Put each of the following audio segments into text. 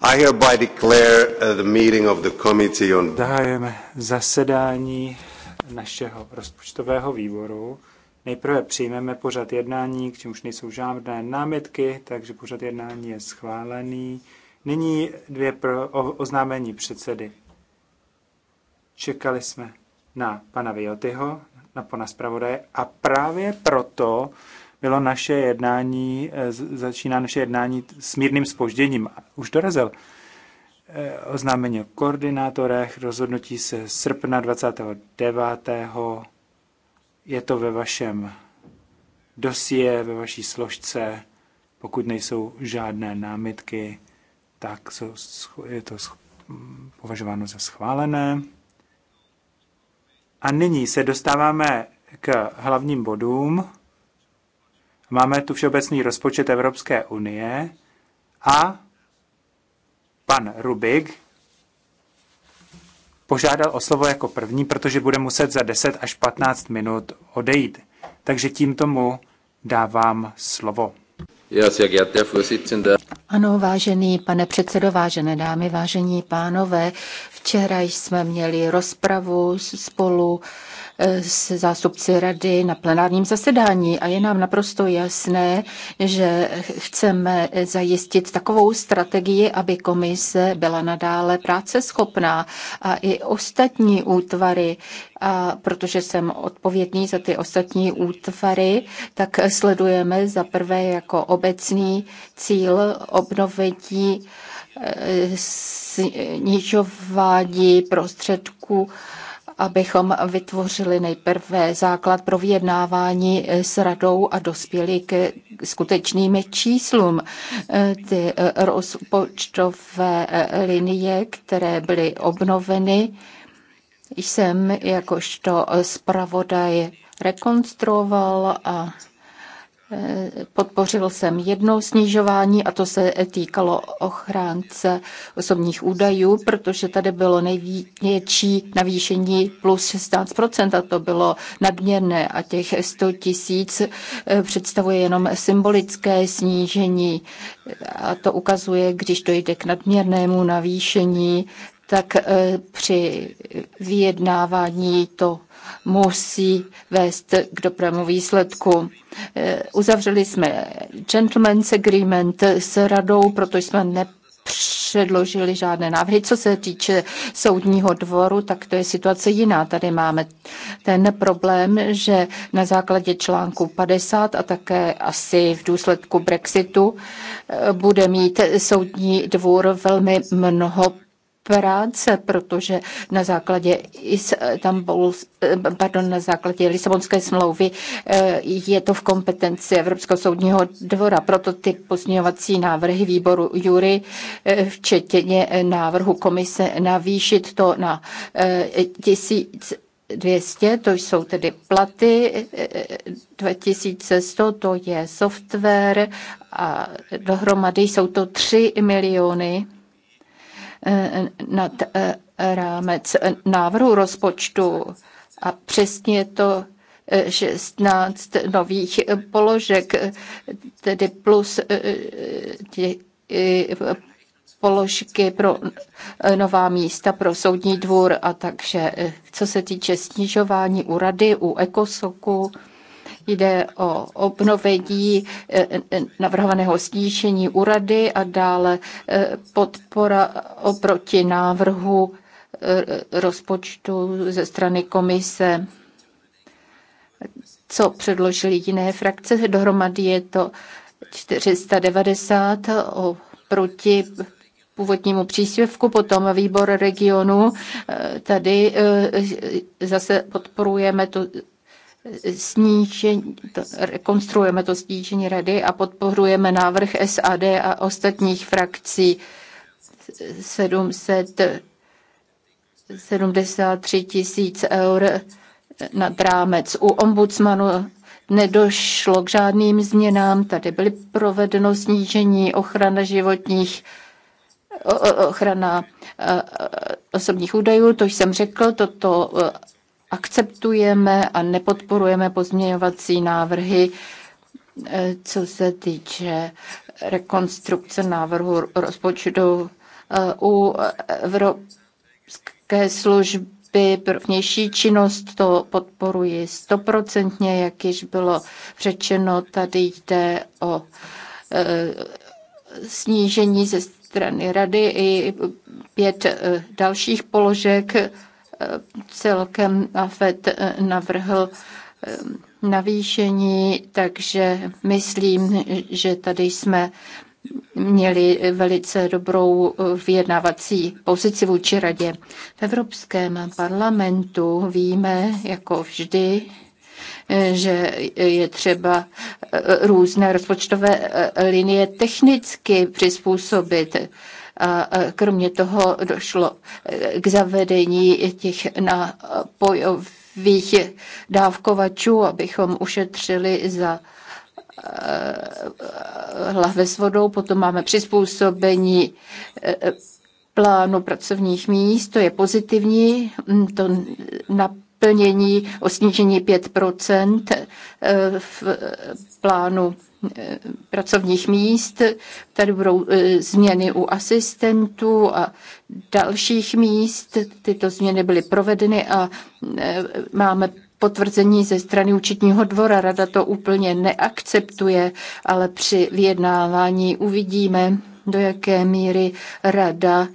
I hereby declare uh, the meeting of the committee on... zasedání našeho rozpočtového výboru. Nejprve přijmeme pořad jednání, k čemuž nejsou žádné námitky, takže pořad jednání je schválený. Nyní dvě pro, o, oznámení předsedy. Čekali jsme na pana Vyotyho, na pana zpravodaje a právě proto bylo naše jednání, eh, začíná naše jednání s mírným spožděním. Už dorazil eh, oznámení o koordinátorech, rozhodnutí se srpna 29. Je to ve vašem dosie, ve vaší složce. Pokud nejsou žádné námitky, tak je to považováno za schválené. A nyní se dostáváme k hlavním bodům. Máme tu všeobecný rozpočet Evropské unie a pan Rubik požádal o slovo jako první, protože bude muset za 10 až 15 minut odejít. Takže tím tomu dávám slovo. Ano, vážený pane předsedo, vážené dámy, vážení pánové, včera jsme měli rozpravu spolu se zástupci rady na plenárním zasedání a je nám naprosto jasné, že chceme zajistit takovou strategii, aby komise byla nadále práceschopná a i ostatní útvary, a protože jsem odpovědný za ty ostatní útvary, tak sledujeme za prvé jako obecný cíl obnovití eh, snižování prostředků abychom vytvořili nejprve základ pro vyjednávání s radou a dospěli k skutečným číslům. Ty rozpočtové linie, které byly obnoveny, jsem jakožto zpravodaj rekonstruoval a Podpořil jsem jedno snižování a to se týkalo ochránce osobních údajů, protože tady bylo největší navýšení plus 16% a to bylo nadměrné a těch 100 tisíc eh, představuje jenom symbolické snížení a to ukazuje, když dojde k nadměrnému navýšení, tak eh, při vyjednávání to musí vést k dobrému výsledku. Eh, uzavřeli jsme gentleman's agreement s radou, protože jsme ne předložili žádné návrhy. Co se týče soudního dvoru, tak to je situace jiná. Tady máme ten problém, že na základě článku 50 a také asi v důsledku Brexitu eh, bude mít soudní dvůr velmi mnoho práce, protože na základě Istanbul, pardon, na základě Lisabonské smlouvy eh, je to v kompetenci Evropského soudního dvora. Proto ty pozměňovací návrhy výboru Jury, eh, včetně eh, návrhu komise navýšit to na tisíc 200, to jsou tedy platy, 2100 to je software a dohromady jsou to 3 miliony Eh, nad eh, rámec eh, návrhu rozpočtu a přesně je to 16 nových položek, tedy plus položky pro nová místa pro soudní dvůr a takže co se týče snižování úrady u ekosoku, Jde o obnovení eh, eh, navrhovaného u rady a dále eh, podpora oproti návrhu rozpočtu ze strany komise co předložili jiné frakce. Dohromady je to 490 proti původnímu příspěvku, potom výbor regionu. Tady zase podporujeme tu snížení, to, rekonstruujeme to snížení rady a podporujeme návrh SAD a ostatních frakcí 773 tisíc eur nad rámec. U ombudsmanu nedošlo k žádným změnám, tady byly provedeno snížení ochrana životních ochrana e, e, osobních údajů, to jsem řekl, toto e, akceptujeme a nepodporujeme pozměňovací návrhy, eh, co se týče rekonstrukce návrhu rozpočtu eh, u Evropské služby pro vnější činnost. To podporuji stoprocentně, jak již bylo řečeno, tady jde o eh, snížení ze strany rady i pět dalších položek celkem FED navrhl ehm, navýšení, takže myslím, že tady jsme měli velice dobrou eh, vyjednávací pozici vůči radě. V Evropském parlamentu víme, jako vždy, eh, že je třeba eh, různé rozpočtové linie technicky přizpůsobit. A kromě toho došlo e, k zavedení těch nápojových dávkovačů, abychom ušetřili za e, e, lahve s vodou, potom máme přizpůsobení plánu pracovních míst, to je pozitivní, to naplnění o snížení 5 v plánu Eh, pracovních míst. Tady budou eh, změny u asistentů a dalších míst. Tyto změny byly provedeny a eh, máme potvrzení ze strany účetního dvora. Rada to úplně neakceptuje, ale při vyjednávání uvidíme, do jaké míry rada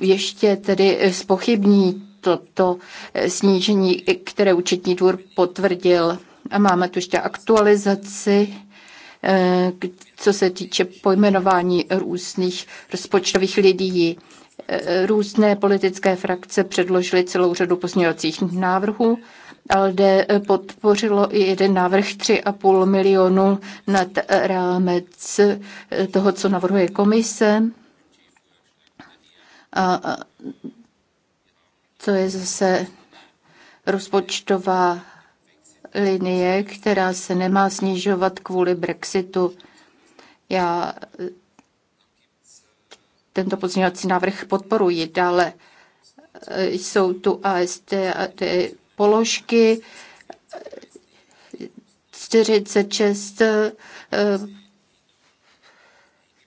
ještě tedy spochybní toto snížení, které účetní dvůr potvrdil. A máme tu ještě aktualizaci, eh, co se týče pojmenování různých rozpočtových lidí. Eh, různé politické frakce předložily celou řadu pozměňovacích návrhů. ALDE eh, podpořilo i jeden návrh 3,5 milionu nad rámec toho, co navrhuje komise. A co je zase rozpočtová linie, která se nemá snižovat kvůli Brexitu. Já tento pozměňovací návrh podporuji. Dále eh, jsou tu AST a ty položky 46 eh,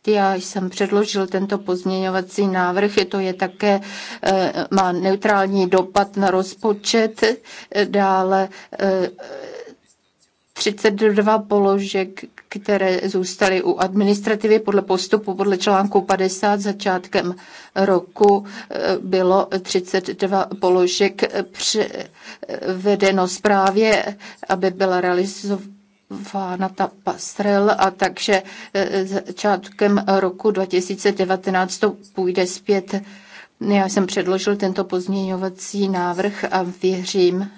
já jsem předložil tento pozměňovací návrh, je to je také, eh, má neutrální dopad na rozpočet, dále 32 eh, položek, které zůstaly u administrativy podle postupu podle článku 50 začátkem roku eh, bylo 32 položek vedeno zprávě, aby byla realizována ta Pastrel a takže e, začátkem roku 2019 to půjde zpět. Já jsem předložil tento pozměňovací návrh a věřím,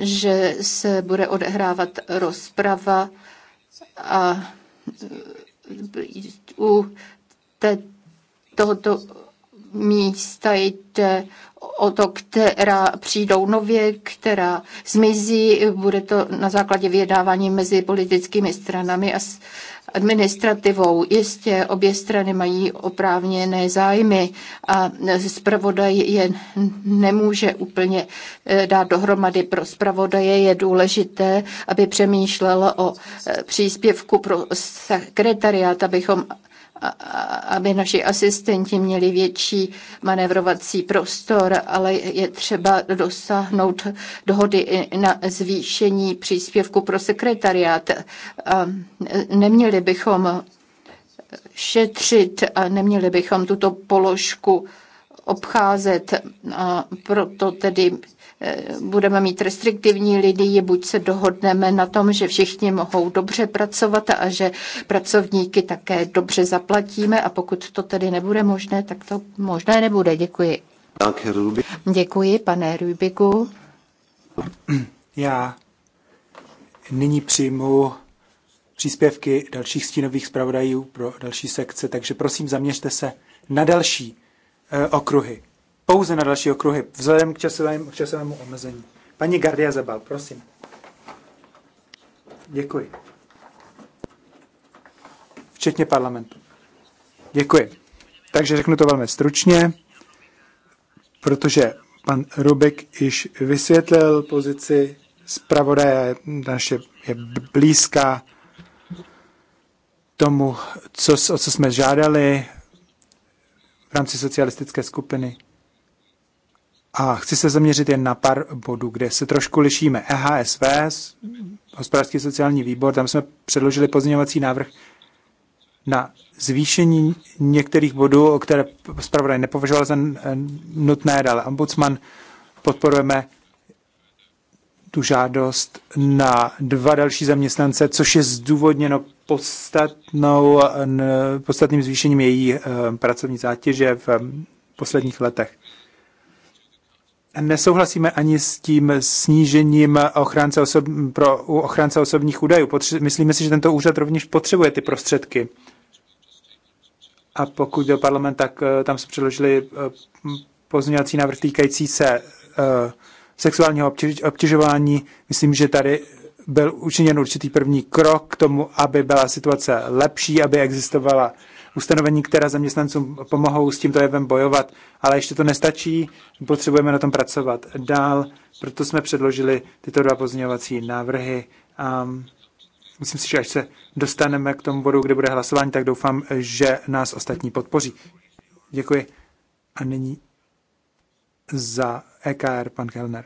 že se bude odehrávat rozprava a e, u tohoto místa jde o to, která přijdou nově, která zmizí. Bude to na základě vyjednávání mezi politickými stranami a administrativou. Jistě obě strany mají oprávněné zájmy a zpravodaj je nemůže úplně eh, dát dohromady. Pro zpravodaje je důležité, aby přemýšlel o eh, příspěvku pro sekretariát, abychom aby naši asistenti měli větší manevrovací prostor, ale je třeba dosáhnout dohody na zvýšení příspěvku pro sekretariát. Neměli bychom šetřit a neměli bychom tuto položku obcházet. A proto tedy budeme mít restriktivní lidi, buď se dohodneme na tom, že všichni mohou dobře pracovat a že pracovníky také dobře zaplatíme a pokud to tedy nebude možné, tak to možné nebude. Děkuji. Děkuji, pane Rubiku. Já nyní přijmu příspěvky dalších stínových zpravodajů pro další sekce, takže prosím zaměřte se na další eh, okruhy pouze na další okruhy, vzhledem k časovému, k časovému omezení. Paní Gardia Zabal, prosím. Děkuji. Včetně parlamentu. Děkuji. Takže řeknu to velmi stručně, protože pan Rubik již vysvětlil pozici zpravodaje, naše je blízká tomu, co, o co jsme žádali v rámci socialistické skupiny. A chci se zaměřit jen na pár bodů, kde se trošku lišíme. EHSV, hospodářský sociální výbor, tam jsme předložili pozměňovací návrh na zvýšení některých bodů, o které zpravodaj nepovažoval za e, nutné, ale ombudsman podporujeme tu žádost na dva další zaměstnance, což je zdůvodněno podstatnou, podstatným zvýšením její e, pracovní zátěže v e, posledních letech nesouhlasíme ani s tím snížením ochránce osob, pro ochránce osobních údajů. Potře- myslíme si, že tento úřad rovněž potřebuje ty prostředky. A pokud jde o parlament, tak eh, tam se předložili eh, pozměňovací návrh týkající se eh, sexuálního obtěžování. Myslím, že tady byl učiněn určitý první krok k tomu, aby byla situace lepší, aby existovala ustanovení, která zaměstnancům pomohou s tímto jevem bojovat, ale ještě to nestačí, potřebujeme na tom pracovat dál, proto jsme předložili tyto dva pozměňovací návrhy. A myslím si, že až se dostaneme k tomu bodu, kde bude hlasování, tak doufám, že nás ostatní podpoří. Děkuji. A nyní za EKR pan Kellner.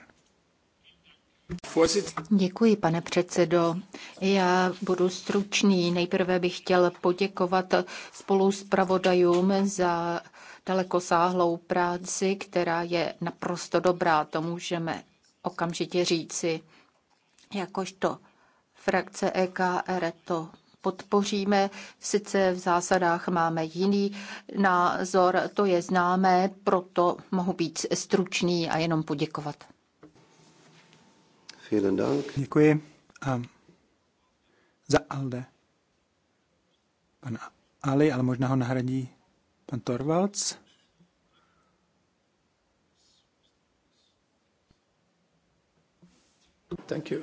Děkuji, pane předsedo. Já budu stručný. Nejprve bych chtěl poděkovat spolu s pravodajům za dalekosáhlou práci, která je naprosto dobrá, to můžeme okamžitě říci. Jakožto frakce EKR to podpoříme. Sice v zásadách máme jiný názor, to je známé, proto mohu být stručný a jenom poděkovat. Vielen Dank. Děkuji. A za Alde. Pan Ali, ale možná ho nahradí pan Torvalds. Thank you.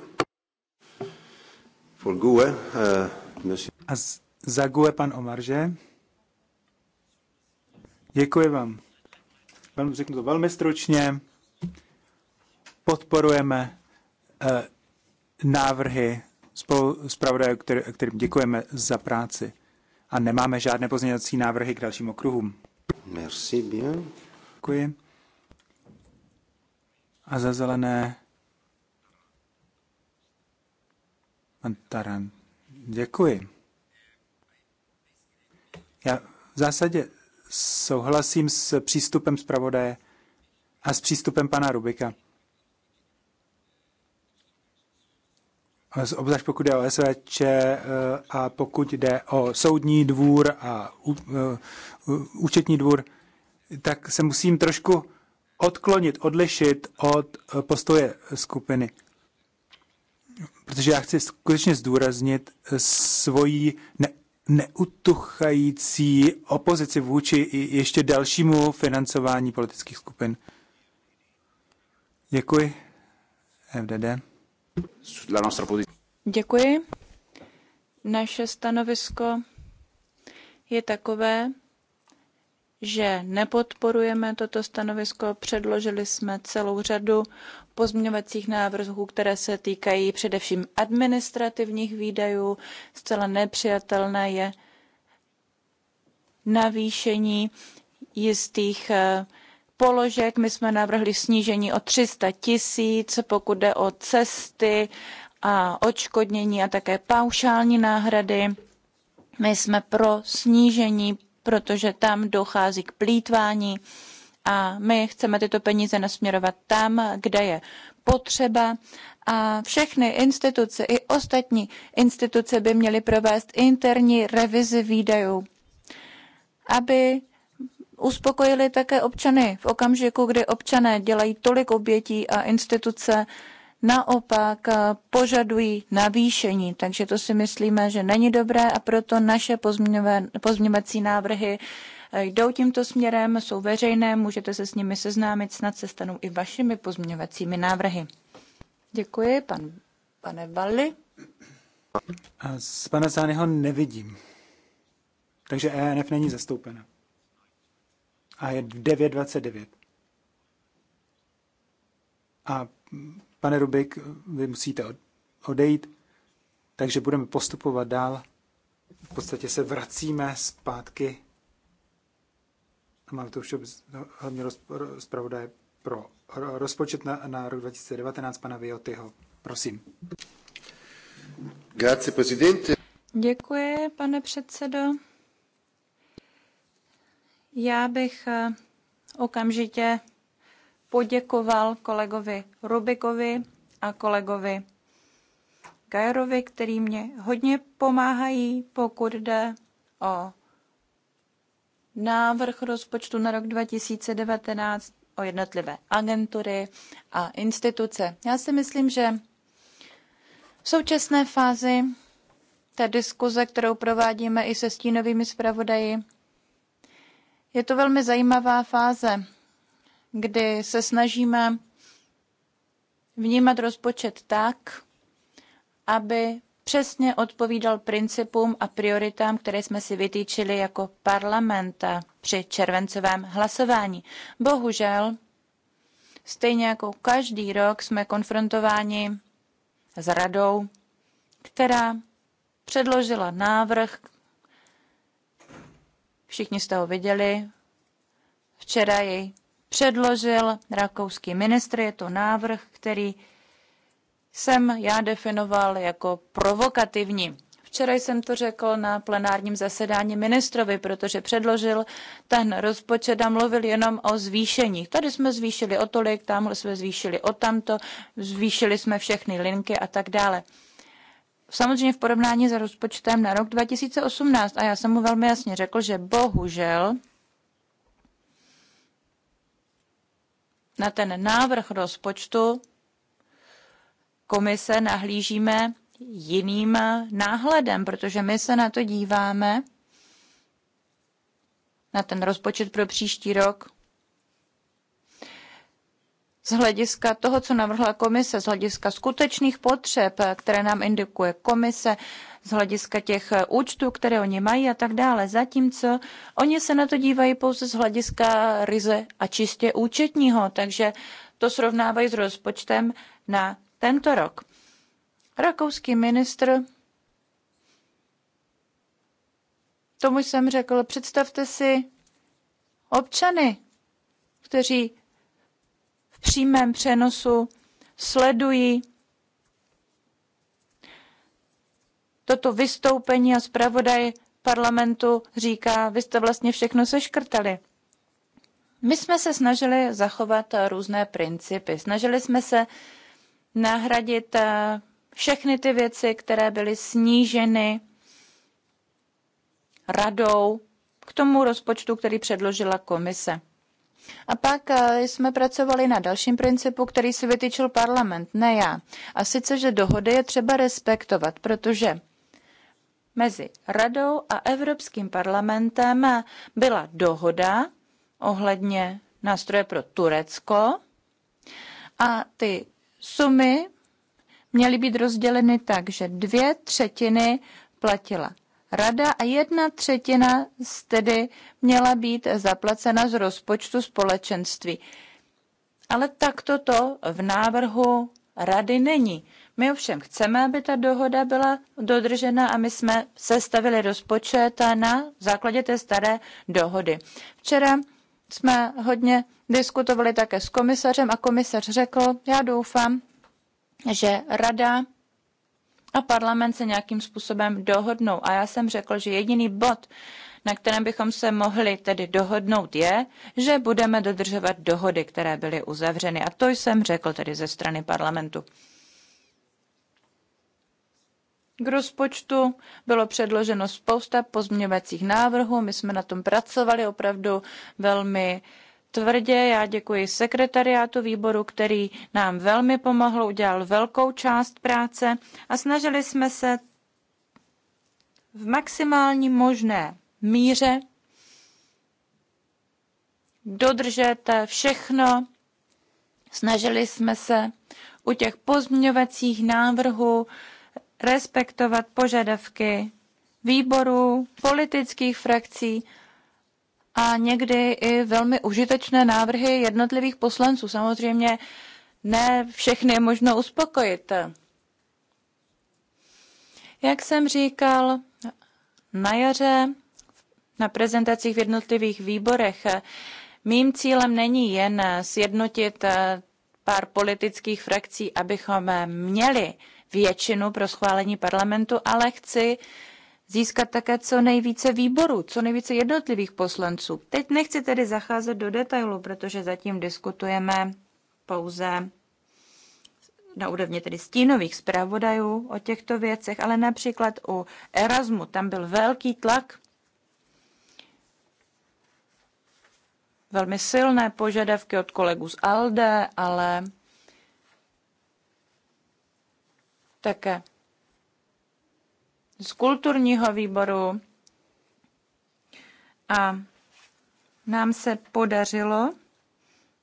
For GUE, uh, A z, za GUE pan Omarže. Děkuji vám. Velmi, řeknu to velmi stručně. Podporujeme Eh, návrhy spolu s pravodajů, kterým děkujeme za práci. A nemáme žádné pozměňovací návrhy k dalším okruhům. Merci bien. Děkuji. A za zelené pan Taran. Děkuji. Já v zásadě souhlasím s přístupem zpravodaje a s přístupem pana Rubika. obzvlášť pokud jde o SVČ eh, a pokud jde o soudní dvůr a eh, účetní dvůr, tak se musím trošku odklonit, odlišit od eh, postoje skupiny. Protože já chci skutečně zdůraznit svoji ne, neutuchající opozici vůči ještě dalšímu financování politických skupin. Děkuji. FDD la nostra posizione. Děkuji. Naše stanovisko je takové, že nepodporujeme toto stanovisko. Předložili jsme celou řadu pozměňovacích návrhů, které se týkají především administrativních výdajů. Zcela nepřijatelné je navýšení jistých eh, položek. My jsme navrhli snížení o 300 tisíc, pokud jde o cesty a odškodnění a také paušální náhrady. My jsme pro snížení, protože tam dochází k plítvání a my chceme tyto peníze nasměrovat tam, kde je potřeba a všechny instituce i ostatní instituce by měly provést interní revizi výdajů, aby uspokojili také občany v okamžiku, kdy občané dělají tolik obětí a instituce naopak eh, požadují navýšení. Takže to si myslíme, že není dobré a proto naše pozměňovací návrhy eh, jdou tímto směrem, jsou veřejné, můžete se s nimi seznámit, snad se stanou i vašimi pozměňovacími návrhy. Děkuji, pan, pane Valli. S pana Zányho nevidím. Takže ENF není zastoupena a je 9.29. A pane Rubik, vy musíte odejít, takže budeme postupovat dál. V podstatě se vracíme zpátky. Mám to už no, hlavně zpravodaje pro rozpočet na, na rok 2019 pana Viotyho. Prosím. Grazie, Děkuji, pane předsedo. Já bych eh, okamžitě poděkoval kolegovi Rubikovi a kolegovi Gajerovi, který mě hodně pomáhají, pokud jde o návrh rozpočtu na rok 2019, o jednotlivé agentury a instituce. Já si myslím, že v současné fázi té diskuze, kterou provádíme i se stínovými zpravodaji, je to velmi zajímavá fáze, kdy se snažíme vnímat rozpočet tak, aby přesně odpovídal principům a prioritám, které jsme si vytýčili jako parlament při červencovém hlasování. Bohužel, stejně jako každý rok, jsme konfrontováni s radou, která předložila návrh, všichni jste ho viděli. Včera jej předložil rakouský ministr, je to návrh, který jsem já definoval jako provokativní. Včera jsem to řekl na plenárním zasedání ministrovi, protože předložil ten rozpočet a mluvil jenom o zvýšení. Tady jsme zvýšili o tolik, tamhle jsme zvýšili o tamto, zvýšili jsme všechny linky a tak dále samozřejmě v porovnání s rozpočtem na rok 2018. A já jsem mu velmi jasně řekl, že bohužel na ten návrh rozpočtu komise nahlížíme jiným náhledem, protože my se na to díváme, na ten rozpočet pro příští rok, z hlediska toho, co navrhla komise, z hlediska skutečných potřeb, které nám indikuje komise, z hlediska těch eh, účtů, které oni mají a tak dále. Zatímco oni se na to dívají pouze z hlediska ryze a čistě účetního, takže to srovnávají s rozpočtem na tento rok. Rakouský ministr tomu jsem řekl, představte si občany, kteří přímém přenosu sledují toto vystoupení a zpravodaj parlamentu říká, vy jste vlastně všechno seškrtali. My jsme se snažili zachovat různé principy. Snažili jsme se nahradit eh, všechny ty věci, které byly sníženy radou k tomu rozpočtu, který předložila komise. A pak eh, jsme pracovali na dalším principu, který si vytyčil parlament, ne já. A sice, že dohody je třeba respektovat, protože mezi radou a Evropským parlamentem byla dohoda ohledně nástroje pro Turecko a ty sumy měly být rozděleny tak, že dvě třetiny platila rada a jedna třetina z tedy měla být zaplacena z rozpočtu společenství. Ale tak to v návrhu rady není. My ovšem chceme, aby ta dohoda byla dodržena a my jsme sestavili rozpočet na základě té staré dohody. Včera jsme hodně diskutovali také s komisařem a komisař řekl, já doufám, že rada a parlament se nějakým způsobem dohodnou. A já jsem řekl, že jediný bod, na kterém bychom se mohli tedy dohodnout, je, že budeme dodržovat dohody, které byly uzavřeny. A to jsem řekl tedy ze strany parlamentu. K rozpočtu bylo předloženo spousta pozměňovacích návrhů. My jsme na tom pracovali opravdu velmi uh, tvrdě. Já děkuji sekretariátu výboru, který nám velmi pomohl, udělal velkou část práce a snažili jsme se v maximální možné míře dodržet všechno. Snažili jsme se u těch pozměňovacích návrhů respektovat požadavky výborů, politických frakcí a někdy i velmi užitečné návrhy jednotlivých poslanců. Samozřejmě ne všechny je možno uspokojit. Jak jsem říkal, na jaře na prezentacích v jednotlivých výborech. Mým cílem není jen sjednotit eh, pár politických frakcí, abychom měli většinu pro schválení parlamentu, ale chci získat také co nejvíce výborů, co nejvíce jednotlivých poslanců. Teď nechci tedy zacházet do detailu, protože zatím diskutujeme pouze na úrovni tedy stínových zpravodajů o těchto věcech, ale například u Erasmu tam byl velký tlak, velmi silné požadavky od kolegů z ALDE, ale také z kulturního výboru a nám se podařilo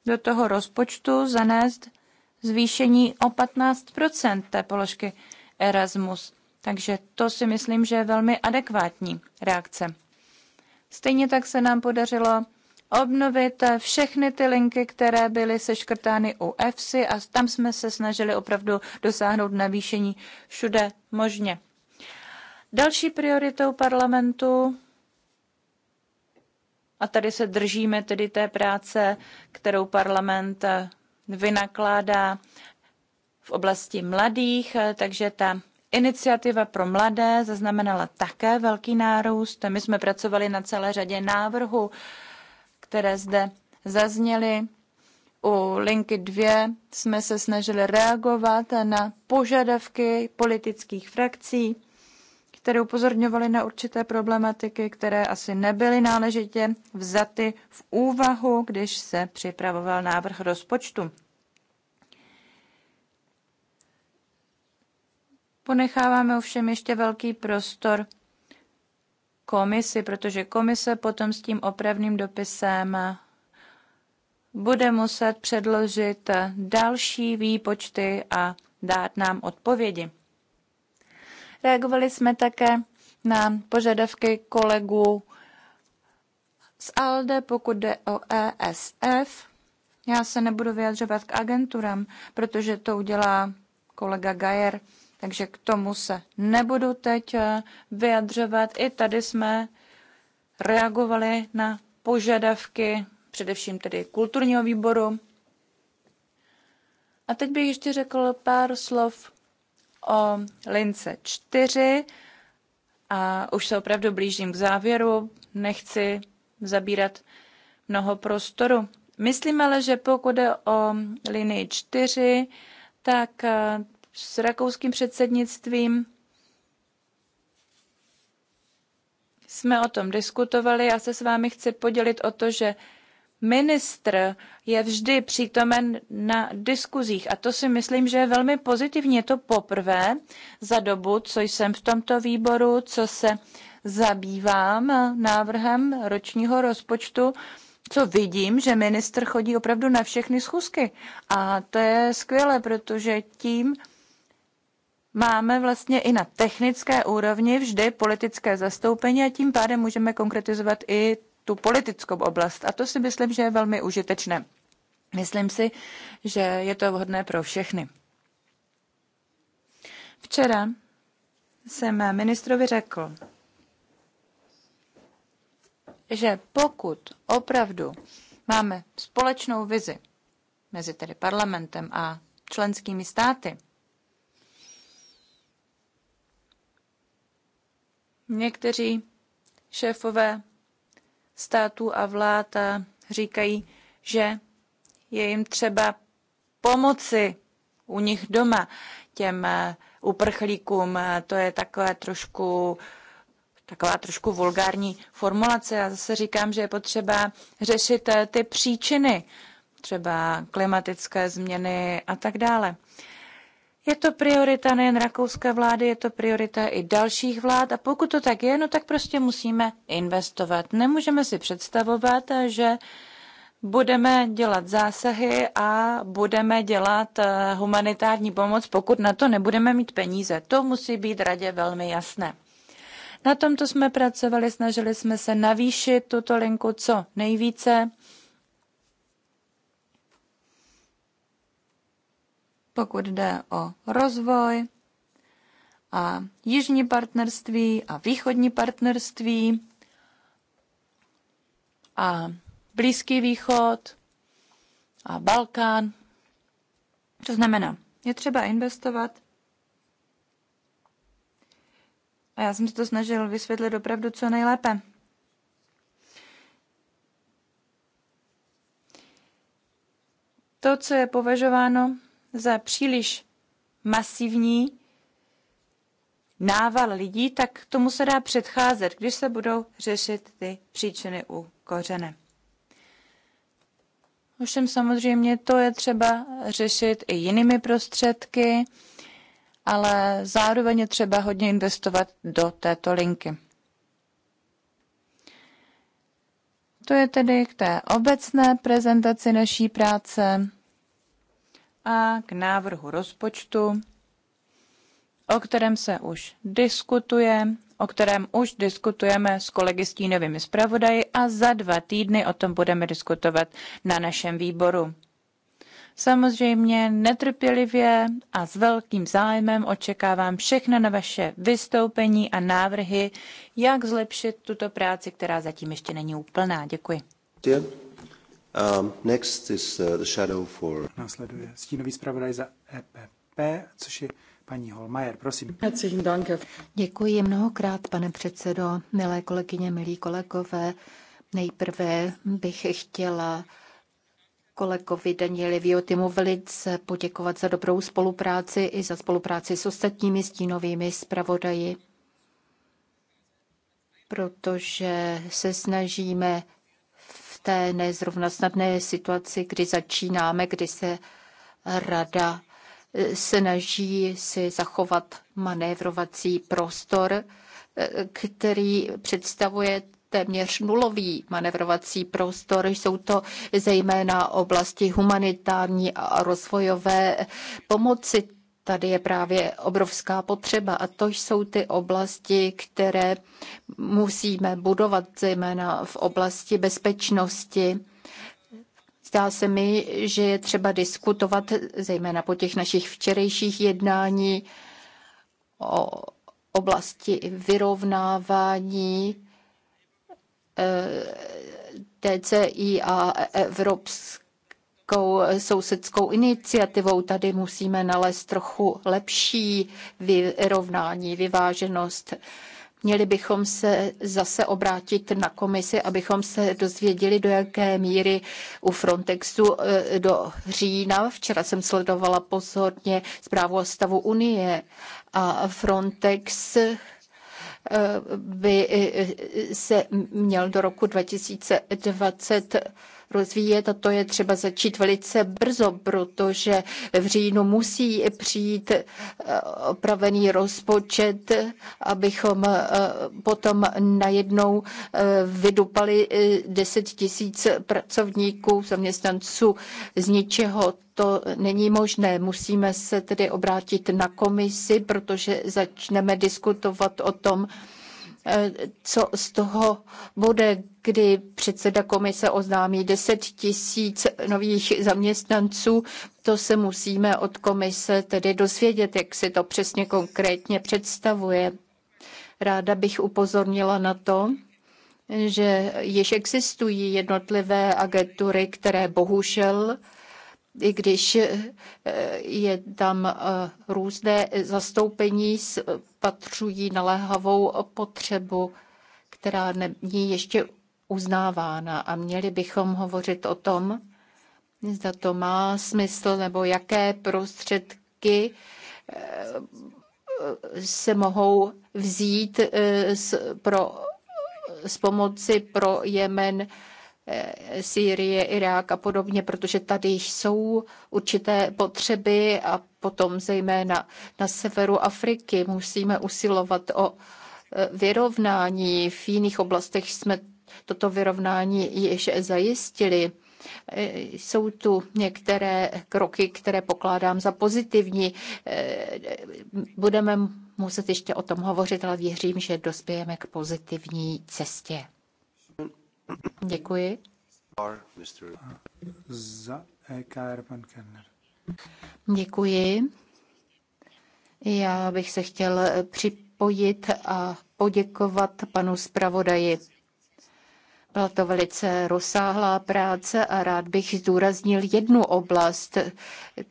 do toho rozpočtu zanést zvýšení o 15 té položky Erasmus. Takže to si myslím, že je velmi adekvátní reakce. Stejně tak se nám podařilo obnovit všechny ty linky, které byly seškrtány u EFSI a tam jsme se snažili opravdu dosáhnout navýšení všude možně. Další prioritou parlamentu, a tady se držíme tedy té práce, kterou parlament vynakládá v oblasti mladých, takže ta Iniciativa pro mladé zaznamenala také velký nárůst. My jsme pracovali na celé řadě návrhů, které zde zazněly. U linky 2 jsme se snažili reagovat na požadavky politických frakcí které upozorňovaly na určité problematiky, které asi nebyly náležitě vzaty v úvahu, když se připravoval návrh rozpočtu. Ponecháváme ovšem ještě velký prostor komisi, protože komise potom s tím opravným dopisem bude muset předložit další výpočty a dát nám odpovědi. Reagovali jsme také na požadavky kolegů z ALDE, pokud jde o ESF. Já se nebudu vyjadřovat k agenturám, protože to udělá kolega Gajer, takže k tomu se nebudu teď eh, vyjadřovat. I tady jsme reagovali na požadavky, především tedy kulturního výboru. A teď bych ještě řekl pár slov o lince 4 a už se opravdu blížím k závěru, nechci zabírat mnoho prostoru. Myslím ale, že pokud jde o linii 4, tak eh, s rakouským předsednictvím jsme o tom diskutovali a se s vámi chci podělit o to, že ministr je vždy přítomen na diskuzích a to si myslím, že je velmi pozitivní. Je to poprvé za dobu, co jsem v tomto výboru, co se zabývám návrhem ročního rozpočtu, co vidím, že ministr chodí opravdu na všechny schůzky. A to je skvělé, protože tím máme vlastně i na technické úrovni vždy politické zastoupení a tím pádem můžeme konkretizovat i tu politickou oblast. A to si myslím, že je velmi užitečné. Myslím si, že je to vhodné pro všechny. Včera jsem ministrovi řekl, že pokud opravdu máme společnou vizi mezi tedy parlamentem a členskými státy, někteří šéfové států a vlád říkají, že je jim třeba pomoci u nich doma těm eh, uprchlíkům. To je takové trošku taková trošku vulgární formulace. Já zase říkám, že je potřeba řešit eh, ty příčiny, třeba klimatické změny a tak dále. Je to priorita nejen rakouské vlády, je to priorita i dalších vlád a pokud to tak je, no tak prostě musíme investovat. Nemůžeme si představovat, že budeme dělat zásahy a budeme dělat eh, humanitární pomoc, pokud na to nebudeme mít peníze. To musí být radě velmi jasné. Na tomto jsme pracovali, snažili jsme se navýšit tuto linku co nejvíce. pokud jde o rozvoj a jižní partnerství a východní partnerství a Blízký východ a Balkán. To znamená, je třeba investovat. A já jsem se to snažil vysvětlit opravdu co nejlépe. To, co je považováno za příliš masivní nával lidí, tak tomu se dá předcházet, když se budou řešit ty příčiny u kořene. Ovšem samozřejmě to je třeba řešit i jinými prostředky, ale zároveň je třeba hodně investovat do této linky. To je tedy k té obecné prezentaci naší práce a k návrhu rozpočtu, o kterém se už diskutuje, o kterém už diskutujeme s kolegy stínovými zpravodaji a za dva týdny o tom budeme diskutovat na našem výboru. Samozřejmě netrpělivě a s velkým zájmem očekávám všechno na vaše vystoupení a návrhy, jak zlepšit tuto práci, která zatím ještě není úplná. Děkuji. Děkuji. Um, next is uh, the shadow for... Následuje stínový zpravodaj za EPP, což je paní Holmajer, prosím. Děkuji mnohokrát, pane předsedo, milé kolegyně, milí kolegové. Nejprve bych chtěla kolegovi Danieli Viotimu velice poděkovat za dobrou spolupráci i za spolupráci s ostatními stínovými zpravodaji, protože se snažíme té nezrovna snadné situaci, kdy začínáme, kdy se rada e, snaží si zachovat manévrovací prostor, e, který představuje téměř nulový manevrovací prostor. Jsou to zejména oblasti humanitární a rozvojové pomoci tady je právě obrovská potřeba a to jsou ty oblasti, které musíme budovat, zejména v oblasti bezpečnosti. Zdá se mi, že je třeba diskutovat, zejména po těch našich včerejších jednání, o oblasti vyrovnávání eh, TCI a e, Evropské evropskou sousedskou iniciativou. Tady musíme nalézt trochu lepší vyrovnání, vyváženost. Měli bychom se zase obrátit na komisi, abychom se dozvěděli, do jaké míry u Frontexu e, do října. Včera jsem sledovala pozorně zprávu o stavu Unie a Frontex e, by e, se měl do roku 2020 rozvíjet a to je třeba začít velice brzo, protože v říjnu musí přijít eh, opravený rozpočet, abychom eh, potom najednou eh, vydupali 10 tisíc pracovníků, zaměstnanců z ničeho. To není možné. Musíme se tedy obrátit na komisi, protože začneme diskutovat o tom, co z toho bude, kdy předseda komise oznámí 10 tisíc nových zaměstnanců. To se musíme od komise tedy dozvědět, jak si to přesně konkrétně představuje. Ráda bych upozornila na to, že již existují jednotlivé agentury, které bohužel i když eh, je tam eh, různé zastoupení, eh, patřují naléhavou potřebu, která není ještě uznávána. A měli bychom hovořit o tom, zda to má smysl nebo jaké prostředky se mohou vzít pro, s pomoci pro Jemen Eh, Sýrie, Irák a podobně, protože tady jsou určité potřeby a potom zejména na severu Afriky musíme usilovat o eh, vyrovnání. V jiných oblastech jsme toto vyrovnání již zajistili. Eh, jsou tu některé kroky, které pokládám za pozitivní. Budeme muset ještě o tom hovořit, ale věřím, že dospějeme k pozitivní cestě. Děkuji. Za EKR pan Kerner. Děkuji. Já bych se chtěl připojit a poděkovat panu zpravodaji. Byla to velice rozsáhlá práce a rád bych zdůraznil jednu oblast,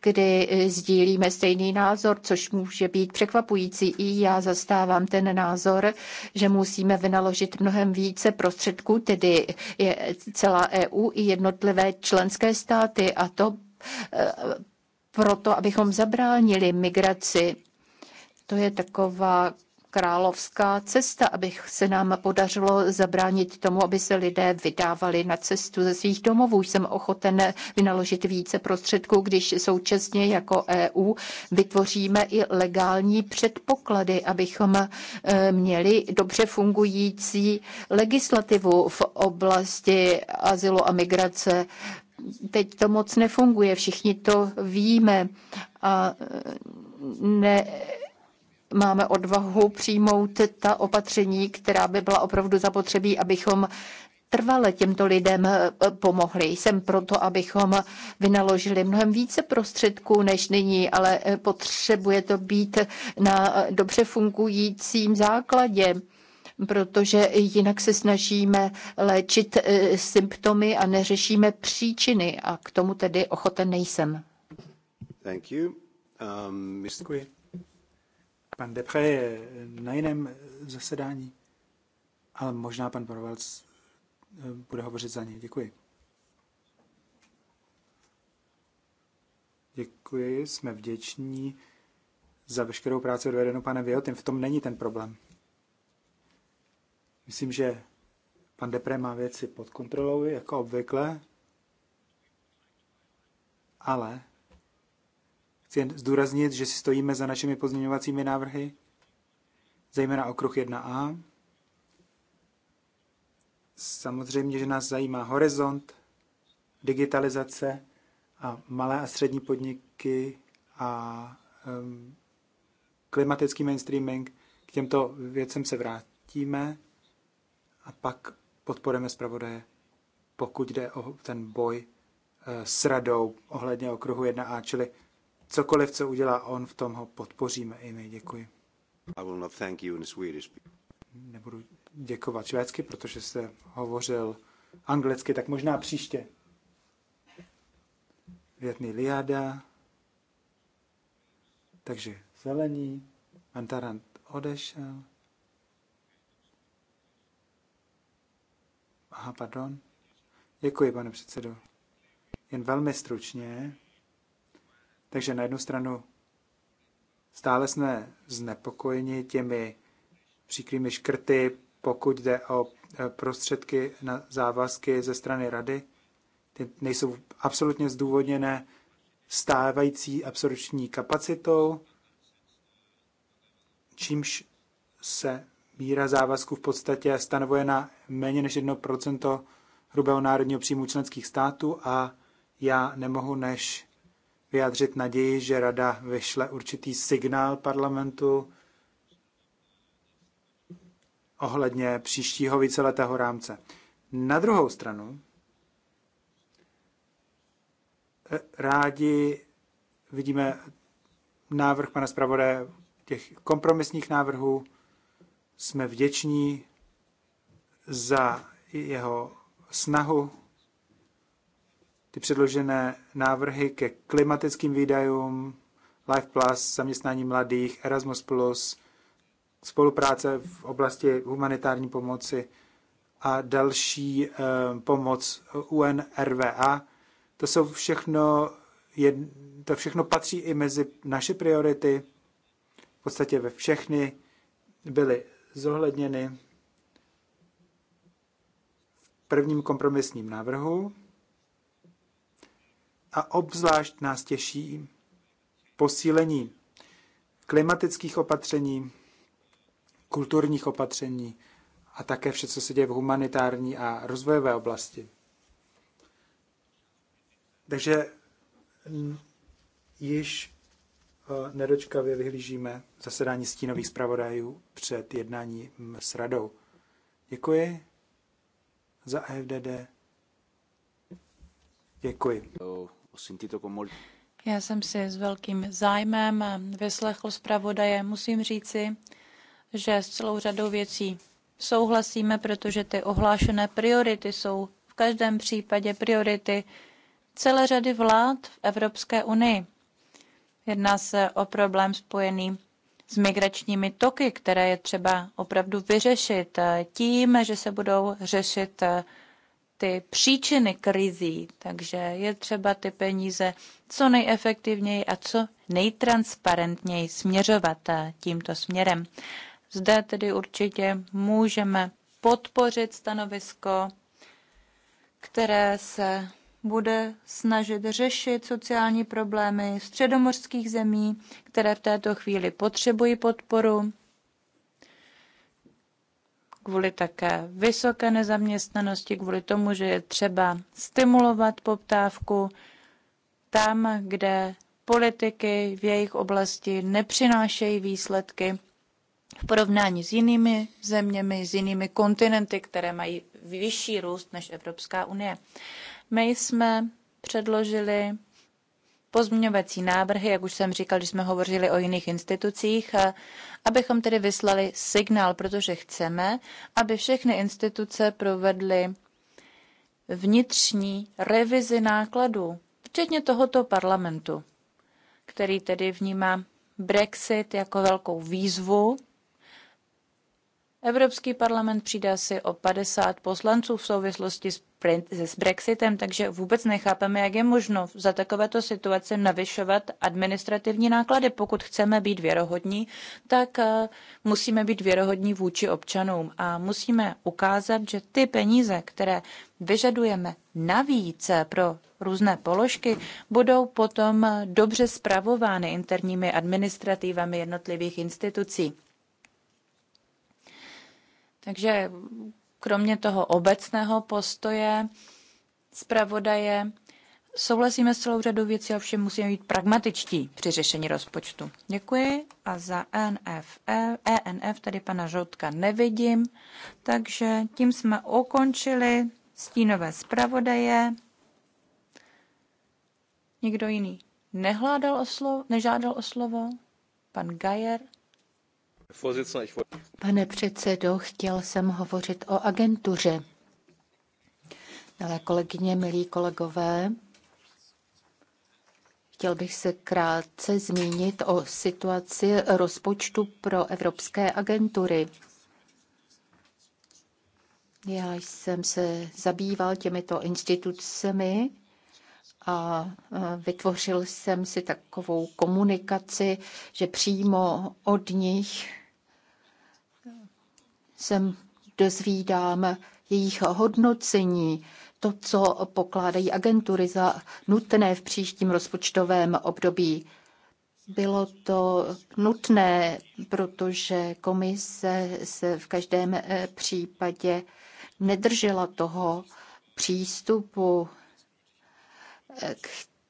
kdy sdílíme stejný názor, což může být překvapující. I já zastávám ten názor, že musíme vynaložit mnohem více prostředků, tedy je celá EU i jednotlivé členské státy a to eh, proto, abychom zabránili migraci. To je taková královská cesta, abych se nám podařilo zabránit tomu, aby se lidé vydávali na cestu ze svých domovů. Jsem ochoten vynaložit více prostředků, když současně jako EU vytvoříme i legální předpoklady, abychom e, měli dobře fungující legislativu v oblasti asilu a migrace. Teď to moc nefunguje, všichni to víme. A e, ne, máme odvahu přijmout ta opatření, která by byla opravdu zapotřebí, abychom trvale těmto lidem eh, pomohli. Jsem proto, abychom vynaložili mnohem více prostředků než nyní, ale eh, potřebuje to být na eh, dobře fungujícím základě protože jinak se snažíme léčit symptomy a neřešíme příčiny a k tomu tedy ochoten nejsem. Thank you. Um, Děkuji. Pan Depre je eh, na jiném eh, zasedání, ale možná pan Provalc eh, bude hovořit za něj. Děkuji. Děkuji, jsme vděční za veškerou práci odvedenou panem Viotem. V tom není ten problém. Myslím, že pan Depre má věci pod kontrolou, jako obvykle, ale Chci jen zdůraznit, že si stojíme za našimi pozměňovacími návrhy, zejména okruh 1a. Samozřejmě, že nás zajímá horizont, digitalizace a malé a střední podniky a um, klimatický mainstreaming. K těmto věcem se vrátíme a pak podporujeme zpravodaje, pokud jde o ten boj eh, s radou ohledně okruhu 1a, čili cokoliv, co udělá on, v tom ho podpoříme i my. Děkuji. I will not thank you in Swedish. Nebudu děkovat švédsky, protože jste hovořil anglicky, tak možná příště. Větný Liada. Takže zelení. Antarant odešel. Aha, pardon. Děkuji, pane předsedo. Jen velmi stručně. Takže na jednu stranu stále jsme znepokojeni těmi příkrými škrty, pokud jde o e, prostředky na závazky ze strany rady. Ty nejsou absolutně zdůvodněné stávající absorpční kapacitou, čímž se míra závazku v podstatě stanovuje na méně než 1% hrubého národního příjmu členských států a já nemohu než vyjádřit naději, že rada vyšle určitý signál parlamentu ohledně příštího víceletého rámce. Na druhou stranu, eh, rádi vidíme návrh pana zpravodaje těch kompromisních návrhů. Jsme vděční za jeho snahu ty předložené návrhy ke klimatickým výdajům, Life Plus, zaměstnání mladých, Erasmus Plus, spolupráce v oblasti humanitární pomoci a další eh, pomoc UNRWA. To jsou všechno, to všechno patří i mezi naše priority. V podstatě ve všechny byly zohledněny v prvním kompromisním návrhu a obzvlášť nás těší posílení klimatických opatření, kulturních opatření a také vše, co se děje v humanitární a rozvojové oblasti. Takže již eh, nedočkavě vyhlížíme zasedání stínových zpravodajů před jednání s radou. Děkuji za AFDD. Děkuji. Já jsem si s velkým zájmem vyslechl zpravodaje. Musím říci, že s celou řadou věcí souhlasíme, protože ty ohlášené priority jsou v každém případě priority celé řady vlád v Evropské unii. Jedná se o problém spojený s migračními toky, které je třeba opravdu vyřešit eh, tím, že se budou řešit eh, ty příčiny krizí, takže je třeba ty peníze co nejefektivněji a co nejtransparentněji směřovat eh, tímto směrem. Zde tedy určitě můžeme podpořit stanovisko, které se bude snažit řešit sociální problémy středomořských zemí, které v této chvíli potřebují podporu kvůli také vysoké nezaměstnanosti, kvůli tomu, že je třeba stimulovat poptávku tam, kde politiky v jejich oblasti nepřinášejí výsledky v porovnání s jinými zeměmi, s jinými kontinenty, které mají vyšší růst než Evropská unie. My jsme předložili pozměňovací návrhy, jak už jsem říkal, když jsme hovořili o jiných institucích, eh, abychom tedy vyslali signál, protože chceme, aby všechny instituce provedly vnitřní revizi nákladů, včetně tohoto parlamentu, který tedy vnímá Brexit jako velkou výzvu Evropský parlament přidá si o 50 poslanců v souvislosti s, s Brexitem, takže vůbec nechápeme, jak je možno za takovéto situace navyšovat administrativní náklady. Pokud chceme být věrohodní, tak eh, musíme být věrohodní vůči občanům a musíme ukázat, že ty peníze, které vyžadujeme navíc eh, pro různé položky, budou potom eh, dobře spravovány interními administrativami jednotlivých institucí. Takže kromě toho obecného postoje zpravodaje souhlasíme s celou řadou věcí, ovšem musíme být pragmatičtí při řešení rozpočtu. Děkuji a za NF, ENF tady pana Žoutka nevidím, takže tím jsme ukončili stínové zpravodaje. Nikdo jiný nehládal o slovo, nežádal o slovo? Pan Gajer? Pane předsedo, chtěl jsem hovořit o agentuře. Milé kolegyně, milí kolegové, chtěl bych se krátce zmínit o situaci rozpočtu pro evropské agentury. Já jsem se zabýval těmito institucemi a vytvořil jsem si takovou komunikaci, že přímo od nich jsem dozvídám jejich hodnocení, to, co pokládají agentury za nutné v příštím rozpočtovém období. Bylo to nutné, protože komise se v každém eh, případě nedržela toho přístupu,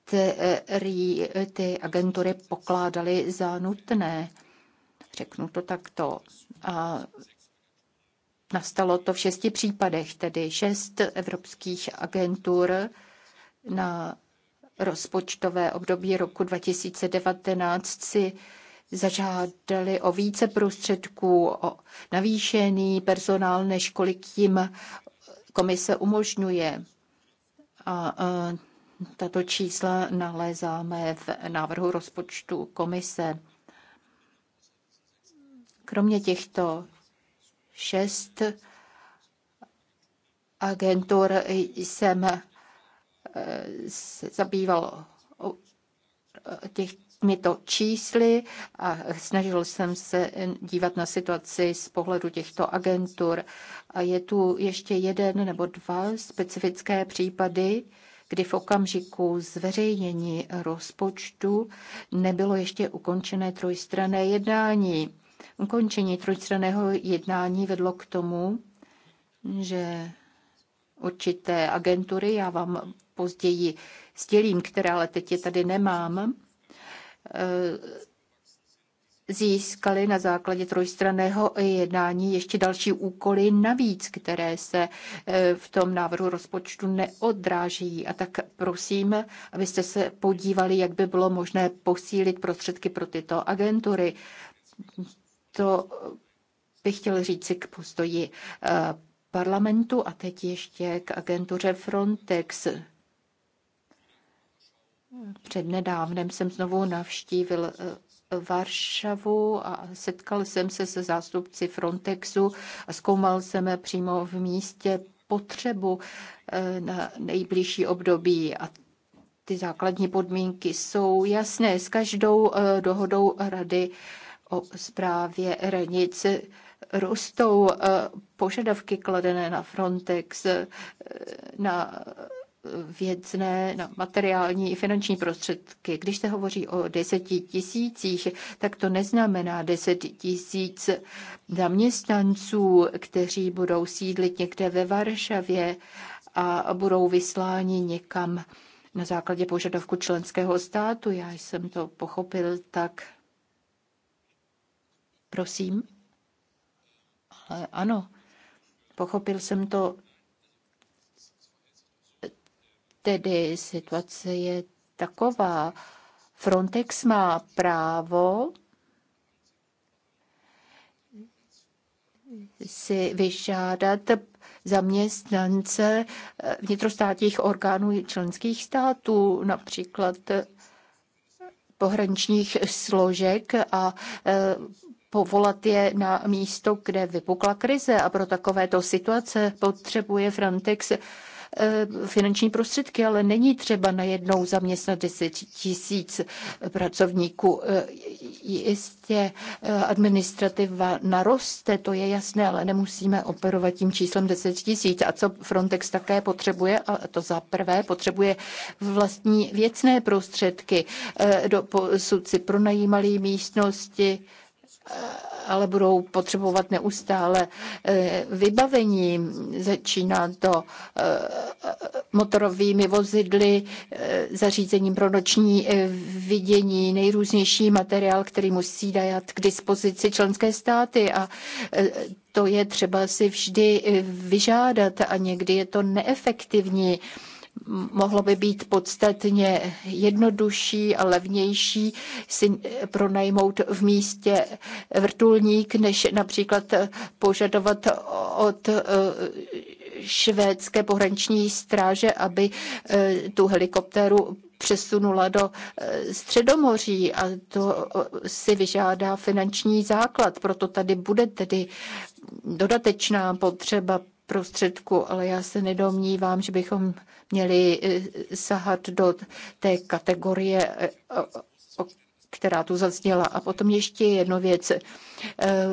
který ty agentury pokládaly za nutné. Řeknu to takto. A nastalo to v šesti případech, tedy šest evropských agentur na rozpočtové období roku 2019 si zažádali o více prostředků, o navýšený personál, než kolik jim komise umožňuje. A, a tato čísla nalézáme v návrhu rozpočtu komise. Kromě těchto šest agentur jsem eh, se zabýval eh, těmito čísly a snažil jsem se dívat na situaci z pohledu těchto agentur. A je tu ještě jeden nebo dva specifické případy, kdy v okamžiku zveřejnění rozpočtu nebylo ještě ukončené trojstrané jednání. Ukončení trojstraného jednání vedlo k tomu, že určité agentury, já vám později sdělím, které ale teď je tady nemám, získali na základě trojstraného jednání ještě další úkoly navíc, které se eh, v tom návrhu rozpočtu neodráží. A tak prosím, abyste se podívali, jak by bylo možné posílit prostředky pro tyto agentury. To bych chtěl říci k postoji eh, parlamentu a teď ještě k agentuře Frontex. Přednedávnem jsem znovu navštívil eh, Varšavu a setkal jsem se se zástupci Frontexu a zkoumal jsem přímo v místě potřebu eh, na nejbližší období a ty základní podmínky jsou jasné. S každou eh, dohodou Rady o zprávě hranic rostou eh, požadavky kladené na Frontex, na věcné, na materiální i finanční prostředky. Když se hovoří o deseti tisících, tak to neznamená deset tisíc zaměstnanců, kteří budou sídlit někde ve Varšavě a budou vysláni někam na základě požadavku členského státu. Já jsem to pochopil tak. Prosím. Ale ano, pochopil jsem to Tedy situace je taková. Frontex má právo si vyžádat zaměstnance vnitrostátních orgánů členských států, například pohraničních složek a e, povolat je na místo, kde vypukla krize a pro takovéto situace potřebuje Frontex Eh, finanční prostředky, ale není třeba najednou zaměstnat 10 tisíc pracovníků. Eh, jistě eh, administrativa naroste, to je jasné, ale nemusíme operovat tím číslem 10 tisíc. A co Frontex také potřebuje, a to za prvé potřebuje vlastní věcné prostředky. Do posudci pronajímali místnosti ale budou potřebovat neustále eh, vybavení. Začíná to eh, motorovými vozidly, eh, zařízením pro noční vidění, nejrůznější materiál, který musí dát k dispozici členské státy a to je třeba si vždy vyžádat a někdy je to neefektivní mohlo by být podstatně jednodušší a levnější si pronajmout v místě vrtulník, než například požadovat od eh, švédské pohraniční stráže, aby eh, tu helikoptéru přesunula do eh, Středomoří a to si vyžádá finanční základ. Proto tady bude tedy dodatečná potřeba prostředku, ale já se nedomnívám, že bychom měli e, sahat do té kategorie, e, která tu zazněla. A potom ještě jedno věc. E,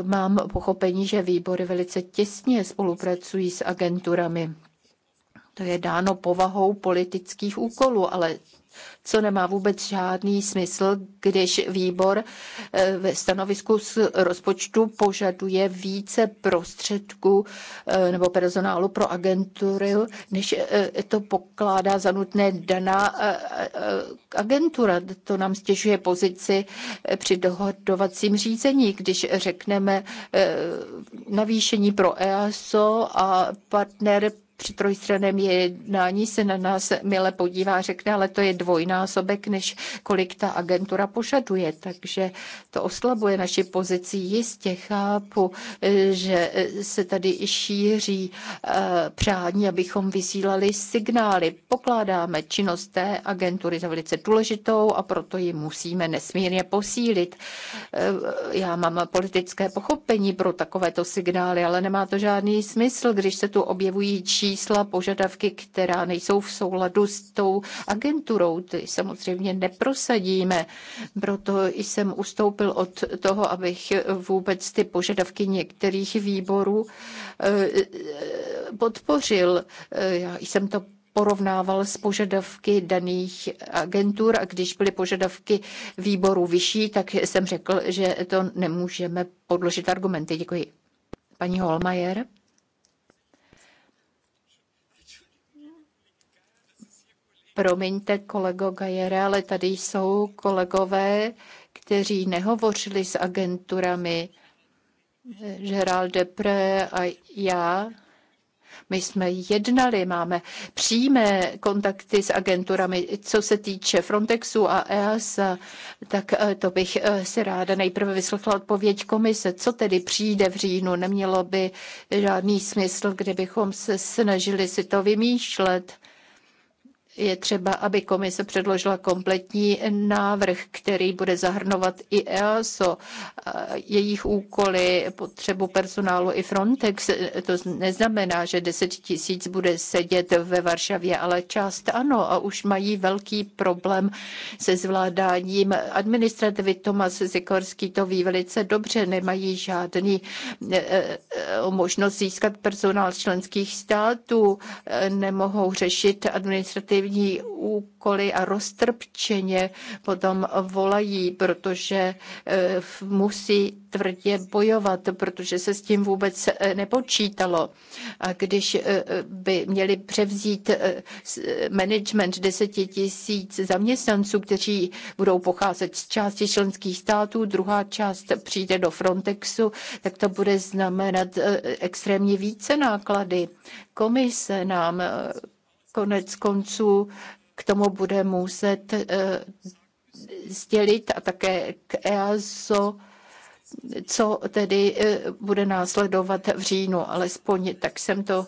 mám pochopení, že výbory velice těsně spolupracují s agenturami. To je dáno povahou politických úkolů, ale co nemá vůbec žádný smysl, když výbor eh, ve stanovisku z rozpočtu požaduje více prostředků eh, nebo personálu pro agentury, než eh, to pokládá za nutné daná agentura. To nám stěžuje pozici při dohodovacím řízení, když řekneme navýšení pro EASO a partner při trojstraném jednání se na nás mile podívá, řekne, ale to je dvojnásobek, než kolik ta agentura požaduje. Takže to oslabuje naši pozici. Jistě chápu, eh, že eh, se tady šíří eh, přání, abychom vysílali signály. Pokládáme činnost té agentury za velice důležitou a proto ji musíme nesmírně posílit. Já mám politické pochopení pro takovéto signály, ale nemá to žádný smysl, když se tu objevují čí čísla, požadavky, která nejsou v souladu s tou agenturou. Ty samozřejmě neprosadíme, proto jsem ustoupil od toho, abych vůbec ty požadavky některých výborů eh, eh, podpořil. Eh, já jsem to porovnával s požadavky daných agentur a když byly požadavky výboru vyšší, tak jsem řekl, že to nemůžeme podložit argumenty. Děkuji. Paní Holmajer. Promiňte, kolego Gajere, ale tady jsou kolegové, kteří nehovořili s agenturami. Gerald Depre a já, my jsme jednali, máme přímé kontakty s agenturami, co se týče Frontexu a EAS, tak eh, to bych eh, si ráda nejprve vyslechla odpověď komise, co tedy přijde v říjnu. Nemělo by žádný smysl, kdybychom se snažili si to vymýšlet je třeba, aby komise předložila kompletní návrh, který bude zahrnovat i EASO, jejich úkoly, potřebu personálu i Frontex. To neznamená, že 10 tisíc bude sedět ve Varšavě, ale část ano a už mají velký problém se zvládáním administrativy. Tomas Zikorský to ví velice dobře, nemají žádný e, e, možnost získat personál členských států, e, nemohou řešit administrativní administrativní úkoly a roztrpčeně potom volají, protože eh, musí tvrdě bojovat, protože se s tím vůbec eh, nepočítalo. A když eh, by měli převzít management deseti tisíc zaměstnanců, kteří budou pocházet z části členských států, druhá část přijde do Frontexu, tak to bude znamenat extrémně více náklady. Komise nám konec konců k tomu bude muset eh, sdělit a také k EASO, co tedy eh, bude následovat v říjnu, alespoň tak jsem to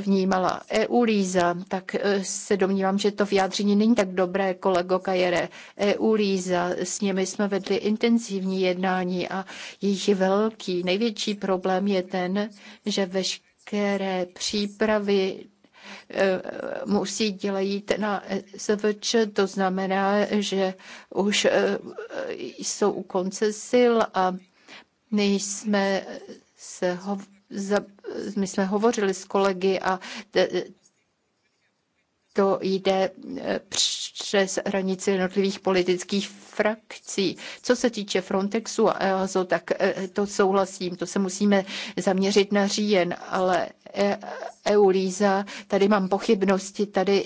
vnímala EU Líza, tak eh, se domnívám, že to vyjádření není tak dobré, kolego Kajere. EU Líza, s nimi jsme vedli intenzivní jednání a jejich velký, největší problém je ten, že veškeré přípravy Eh, musí dělat na eh, SVČ, to znamená, že už eh, jsou u konce sil a my jsme se ho, za, my jsme hovořili s kolegy a to jde e, přes hranice jednotlivých politických frakcí. Co se týče Frontexu a EASO, tak e, to souhlasím, to se musíme zaměřit na říjen, ale e, EULISA, tady mám pochybnosti, tady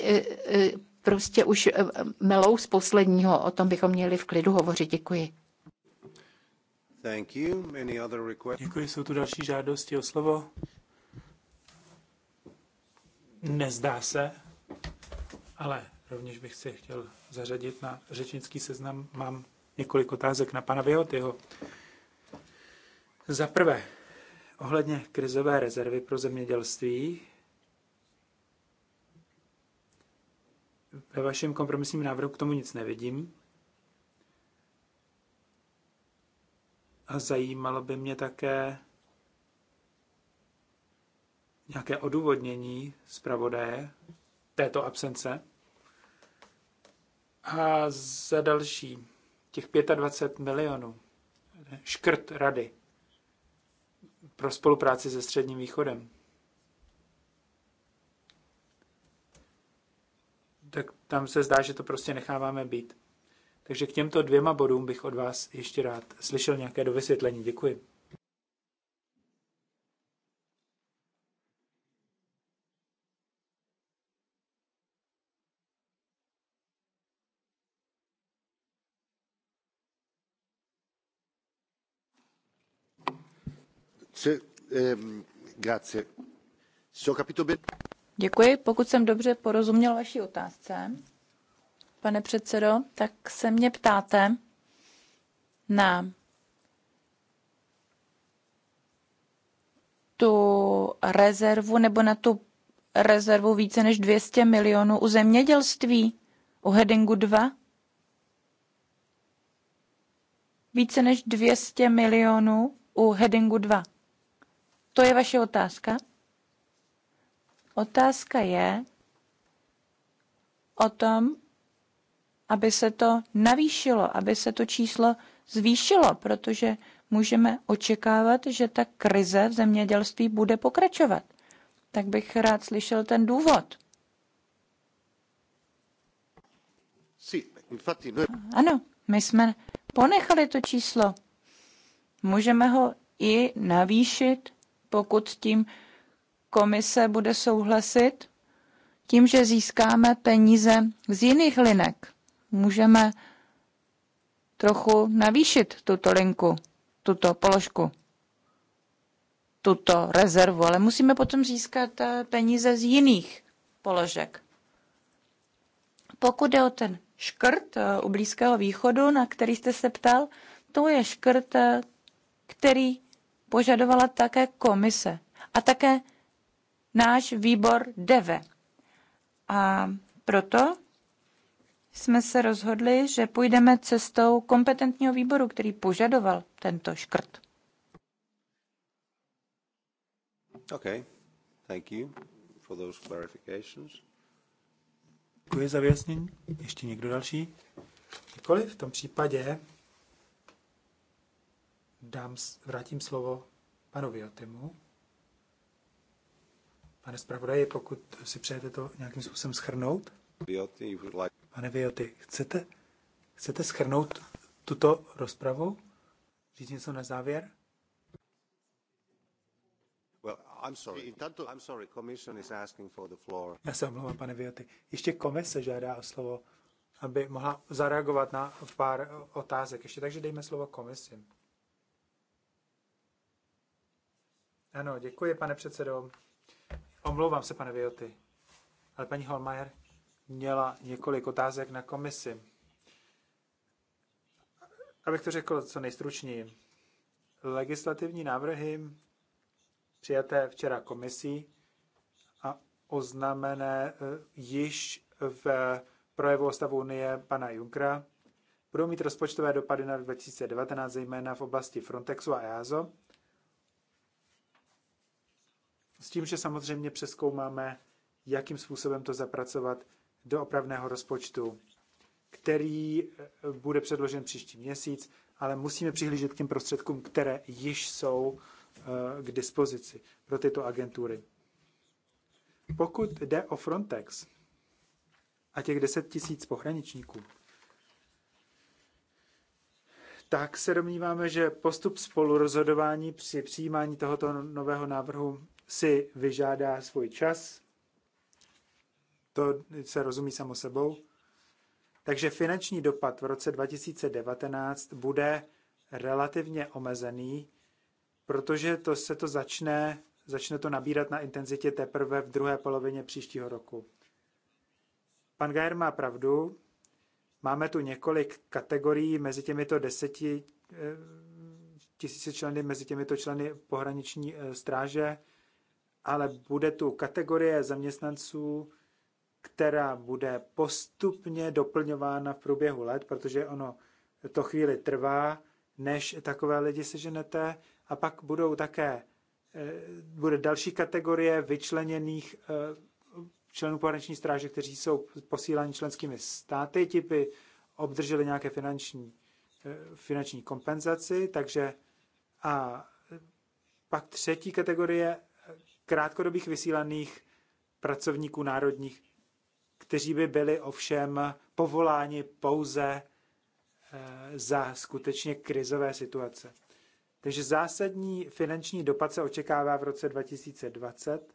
prostě už melou z posledního, o tom bychom měli v klidu hovořit. Děkuji. Thank you. Any other Děkuji, jsou tu další žádosti o slovo? Nezdá se ale rovněž bych si chtěl zařadit na řečnický seznam. Mám několik otázek na pana Vyhotyho. Za prvé, ohledně krizové rezervy pro zemědělství, ve vašem kompromisním návrhu k tomu nic nevidím. A zajímalo by mě také nějaké odůvodnění zpravodaje této absence. A za další, těch 25 milionů škrt rady pro spolupráci se Středním východem. Tak tam se zdá, že to prostě necháváme být. Takže k těmto dvěma bodům bych od vás ještě rád slyšel nějaké dovysvětlení. Děkuji. Ehm, Pokud jsem dobře porozuměl vaší otázce, pane předsedo, tak se mě ptáte na tu rezervu nebo na tu rezervu více než 200 milionů u zemědělství, u headingu two Více než 200 milionů u headingu two to je vaše otázka? Otázka je o tom, aby se to navýšilo, aby se to číslo zvýšilo, protože můžeme očekávat, že ta krize v zemědělství bude pokračovat. Tak bych rád slyšel ten důvod. Ano, my jsme ponechali to číslo. Můžeme ho i navýšit pokud s tím komise bude souhlasit, tím, že získáme peníze z jiných linek. Můžeme trochu navýšit tuto linku, tuto položku, tuto rezervu, ale musíme potom získat eh, peníze z jiných položek. Pokud je o ten škrt eh, u Blízkého východu, na který jste se ptal, to je škrt, eh, který požadovala také komise a také náš výbor DEVE. A proto jsme se rozhodli, že půjdeme cestou kompetentního výboru, který požadoval tento škrt. Okay. Thank you for those clarifications. Děkuji za vyjasnění. Ještě někdo další? Nikoli v tom případě dám, vrátím slovo panu Viotimu. Pane zpravodaji, pokud si přejete to nějakým způsobem schrnout. Pane Vioty, chcete, chcete schrnout tuto rozpravu? Říct něco na závěr? Já se omlouvám, pane Vioty. Ještě komise žádá o slovo, aby mohla zareagovat na pár otázek. Ještě takže dejme slovo komisi. Ano, děkuji, pane předsedo. Omlouvám se, pane Vioty, ale paní Holmajer měla několik otázek na komisi. Abych to řekl co nejstručněji. Legislativní návrhy přijaté včera komisí a oznamené e, již v projevu o stavu Unie pana Junkra budou mít rozpočtové dopady na 2019, zejména v oblasti Frontexu a EASO, s tím, že samozřejmě přeskoumáme, jakým způsobem to zapracovat do opravného rozpočtu, který eh, bude předložen příští měsíc, ale musíme přihlížet k těm prostředkům, které již jsou eh, k dispozici pro tyto agentury. Pokud jde o Frontex a těch 10 tisíc pohraničníků, tak se domníváme, že postup spolurozhodování při přijímání tohoto nového návrhu si vyžádá svůj čas. To se rozumí samo sebou. Takže finanční dopad v roce 2019 bude relativně omezený, protože to se to začne, začne to nabírat na intenzitě teprve v druhé polovině příštího roku. Pan Gajer má pravdu. Máme tu několik kategorií mezi těmito deseti eh, tisíci členy, mezi těmito členy pohraniční eh, stráže ale bude tu kategorie zaměstnanců, která bude postupně doplňována v průběhu let, protože ono to chvíli trvá, než takové lidi seženete. A pak budou také, eh, bude další kategorie vyčleněných eh, členů pohraniční stráže, kteří jsou posíláni členskými státy, ti by obdrželi nějaké finanční, eh, finanční kompenzaci, takže a pak třetí kategorie krátkodobých vysílaných pracovníků národních, kteří by byli ovšem povoláni pouze eh, za skutečně krizové situace. Takže zásadní finanční dopad se očekává v roce 2020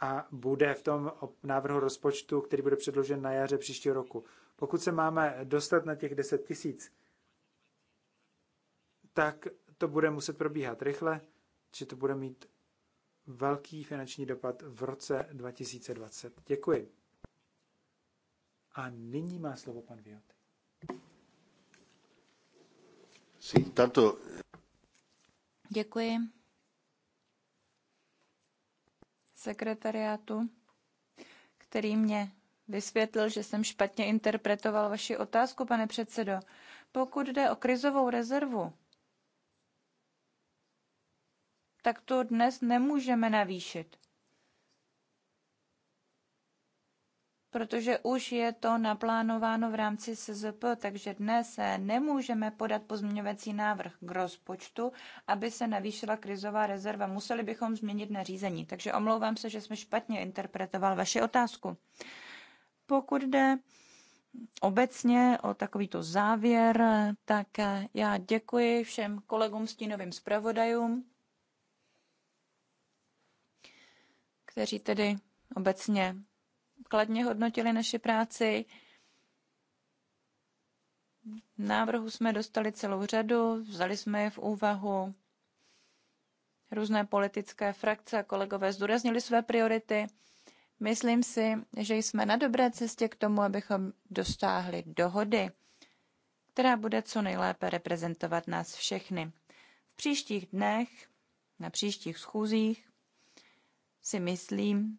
a bude v tom návrhu rozpočtu, který bude předložen na jaře příštího roku. Pokud se máme dostat na těch 10 tisíc, tak to bude muset probíhat rychle, či to bude mít velký finanční dopad v roce 2020. Děkuji. A nyní má slovo pan Vioty. Sí, tanto... Děkuji. Sekretariátu, který mě vysvětlil, že jsem špatně interpretoval vaši otázku, pane předsedo. Pokud jde o krizovou rezervu, tak to dnes nemůžeme navýšit. protože už je to naplánováno v rámci SZP, takže dnes nemůžeme podat pozměňovací návrh k rozpočtu, aby se navýšila krizová rezerva. Museli bychom změnit nařízení, takže omlouvám se, že jsme špatně interpretoval vaši otázku. Pokud jde obecně o takovýto závěr, tak já děkuji všem kolegům stínovým zpravodajům kteří tedy obecně kladně hodnotili naši práci. Návrhu jsme dostali celou řadu, vzali jsme je v úvahu. Různé politické frakce a kolegové zdůraznili své priority. Myslím si, že jsme na dobré cestě k tomu, abychom dostáhli dohody, která bude co nejlépe reprezentovat nás všechny. V příštích dnech, na příštích schůzích, si myslím,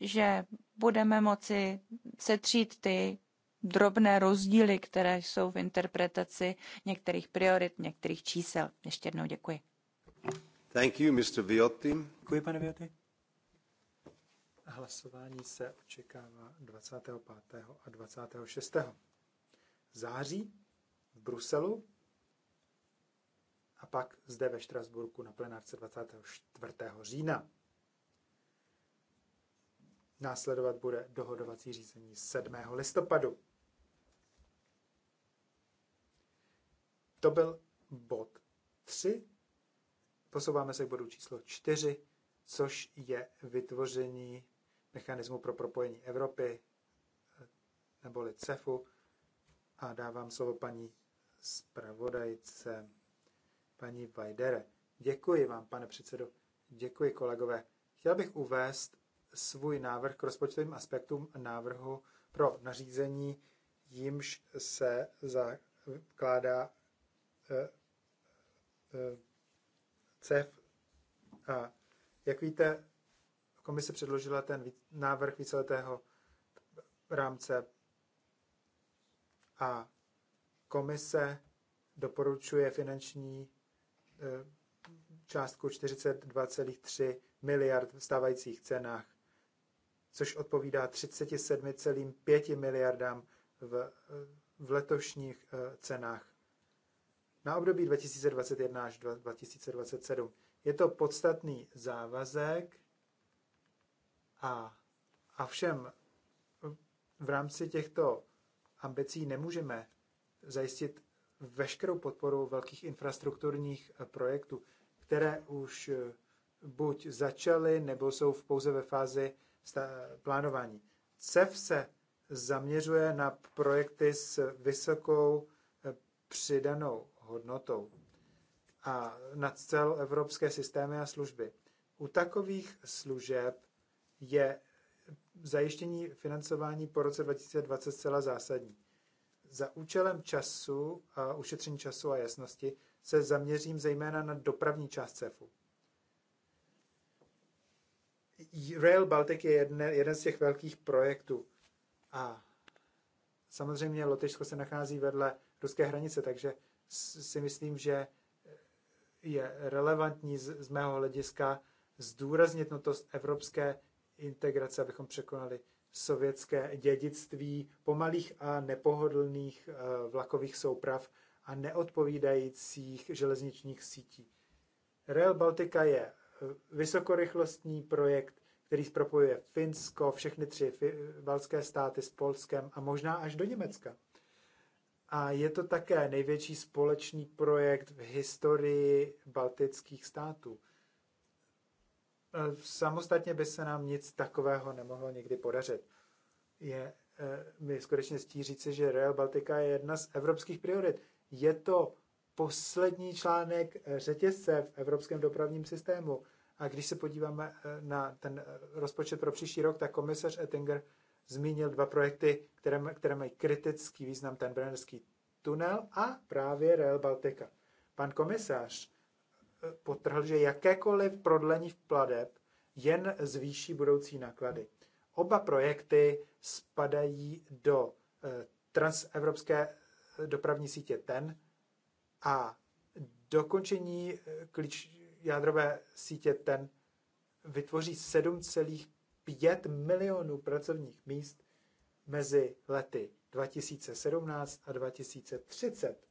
že budeme moci setřít ty drobné rozdíly, které jsou v interpretaci některých priorit, některých čísel. Ještě jednou děkuji. Thank you, Mr. Viotti. Děkuji, pane Viotti. Hlasování se očekává 25. a 26. září v Bruselu a pak zde ve Štrasburku na plenárce 24. října. Následovat bude dohodovací řízení 7. listopadu. To byl bod 3. Posouváme se k bodu číslo 4, což je vytvoření mechanismu pro propojení Evropy, neboli CEFu. A dávám slovo paní zpravodajce paní Vajdere. Děkuji vám, pane předsedo. Děkuji, kolegové. Chtěl bych uvést svůj návrh k rozpočtovým aspektům návrhu pro nařízení, jimž se zakládá eh, eh, CEF. A jak víte, komise předložila ten návrh víceletého rámce a komise doporučuje finanční Eh, částku 42,3 miliard v stávajících cenách, což odpovídá 37,5 miliardám v, eh, v letošních eh, cenách na období 2021 až 2027. Je to podstatný závazek a, a všem v rámci těchto ambicí nemůžeme zajistit veškerou podporu velkých infrastrukturních projektů, které už eh, buď začaly nebo jsou v pouze ve fázi plánování. CEF se zaměřuje na projekty s vysokou eh, přidanou hodnotou a na celoevropské systémy a služby. U takových služeb je zajištění financování po roce 2020 zcela zásadní. Za účelem času a ušetření času a jasnosti se zaměřím zejména na dopravní část CEFu. Rail Baltic je jedne, jeden z těch velkých projektů. A samozřejmě Lotyšsko se nachází vedle ruské hranice, takže si myslím, že je relevantní z, z mého hlediska zdůraznit nutnost evropské integrace, abychom překonali sovětské dědictví pomalých a nepohodlných eh, vlakových souprav a neodpovídajících železničních sítí. Rail Baltica je eh, vysokorychlostní projekt, který propojuje Finsko, všechny tři balské státy s Polskem a možná až do Německa. A je to také největší společný projekt v historii baltických států. Eh, samostatně by se nám nic takového nemohlo nikdy podařit. Je eh, mi skutečně stí říci, že Rail Baltica je jedna z evropských priorit. Je to poslední článek eh, řetězce v evropském dopravním systému. A když se podíváme na ten rozpočet pro příští rok, tak komisař Ettinger zmínil dva projekty, které, které mají kritický význam, ten Brennerský tunel a právě Rail Baltica. Pan komisař potrhl, že jakékoliv prodlení v pladeb jen zvýší budoucí náklady. Oba projekty spadají do eh, transevropské eh, dopravní sítě TEN a dokončení eh, klíč jádrové sítě TEN vytvoří 7,5 milionů pracovních míst mezi lety 2017 a 2030.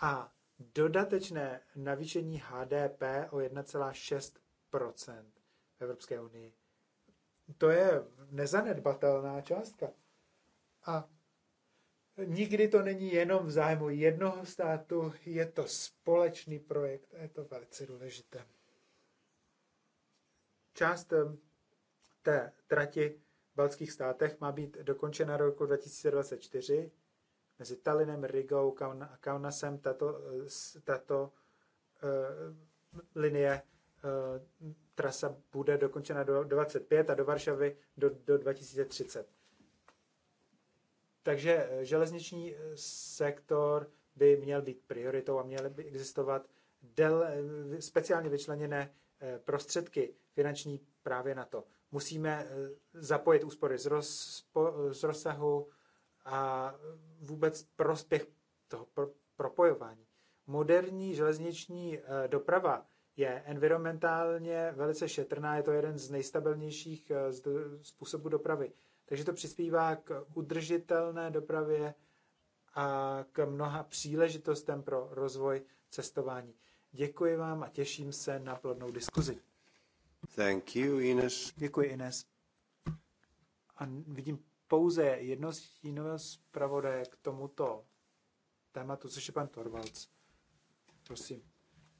A dodatečné navýšení HDP o 1,6 v Evropské unii. To je nezanedbatelná částka. A nikdy to není jenom v zájmu jednoho státu, je to společný projekt a je to velice důležité. Část eh, té trati v baltských státech má být dokončena roku 2024 Mezi Talinem, Rigou a Kaunasem tato, eh, tato uh, linie uh, trasa bude dokončena do 25 a do Varšavy do, do 2030. Takže železniční sektor by měl být prioritou a měly by existovat del, speciálně vyčleněné prostředky finanční právě na to. Musíme zapojit úspory z, roz, z rozsahu, a vůbec prospěch toho pro, propojování. Moderní železniční eh, doprava je environmentálně velice šetrná, je to jeden z nejstabilnějších eh, způsobů dopravy. Takže to přispívá k udržitelné dopravě a k mnoha příležitostem pro rozvoj cestování. Děkuji vám a těším se na plodnou diskuzi. Thank you, Ines. Děkuji, Ines. A vidím pouze jedno stínového zpravodaje k tomuto tématu, což je pan Torvalds. Prosím.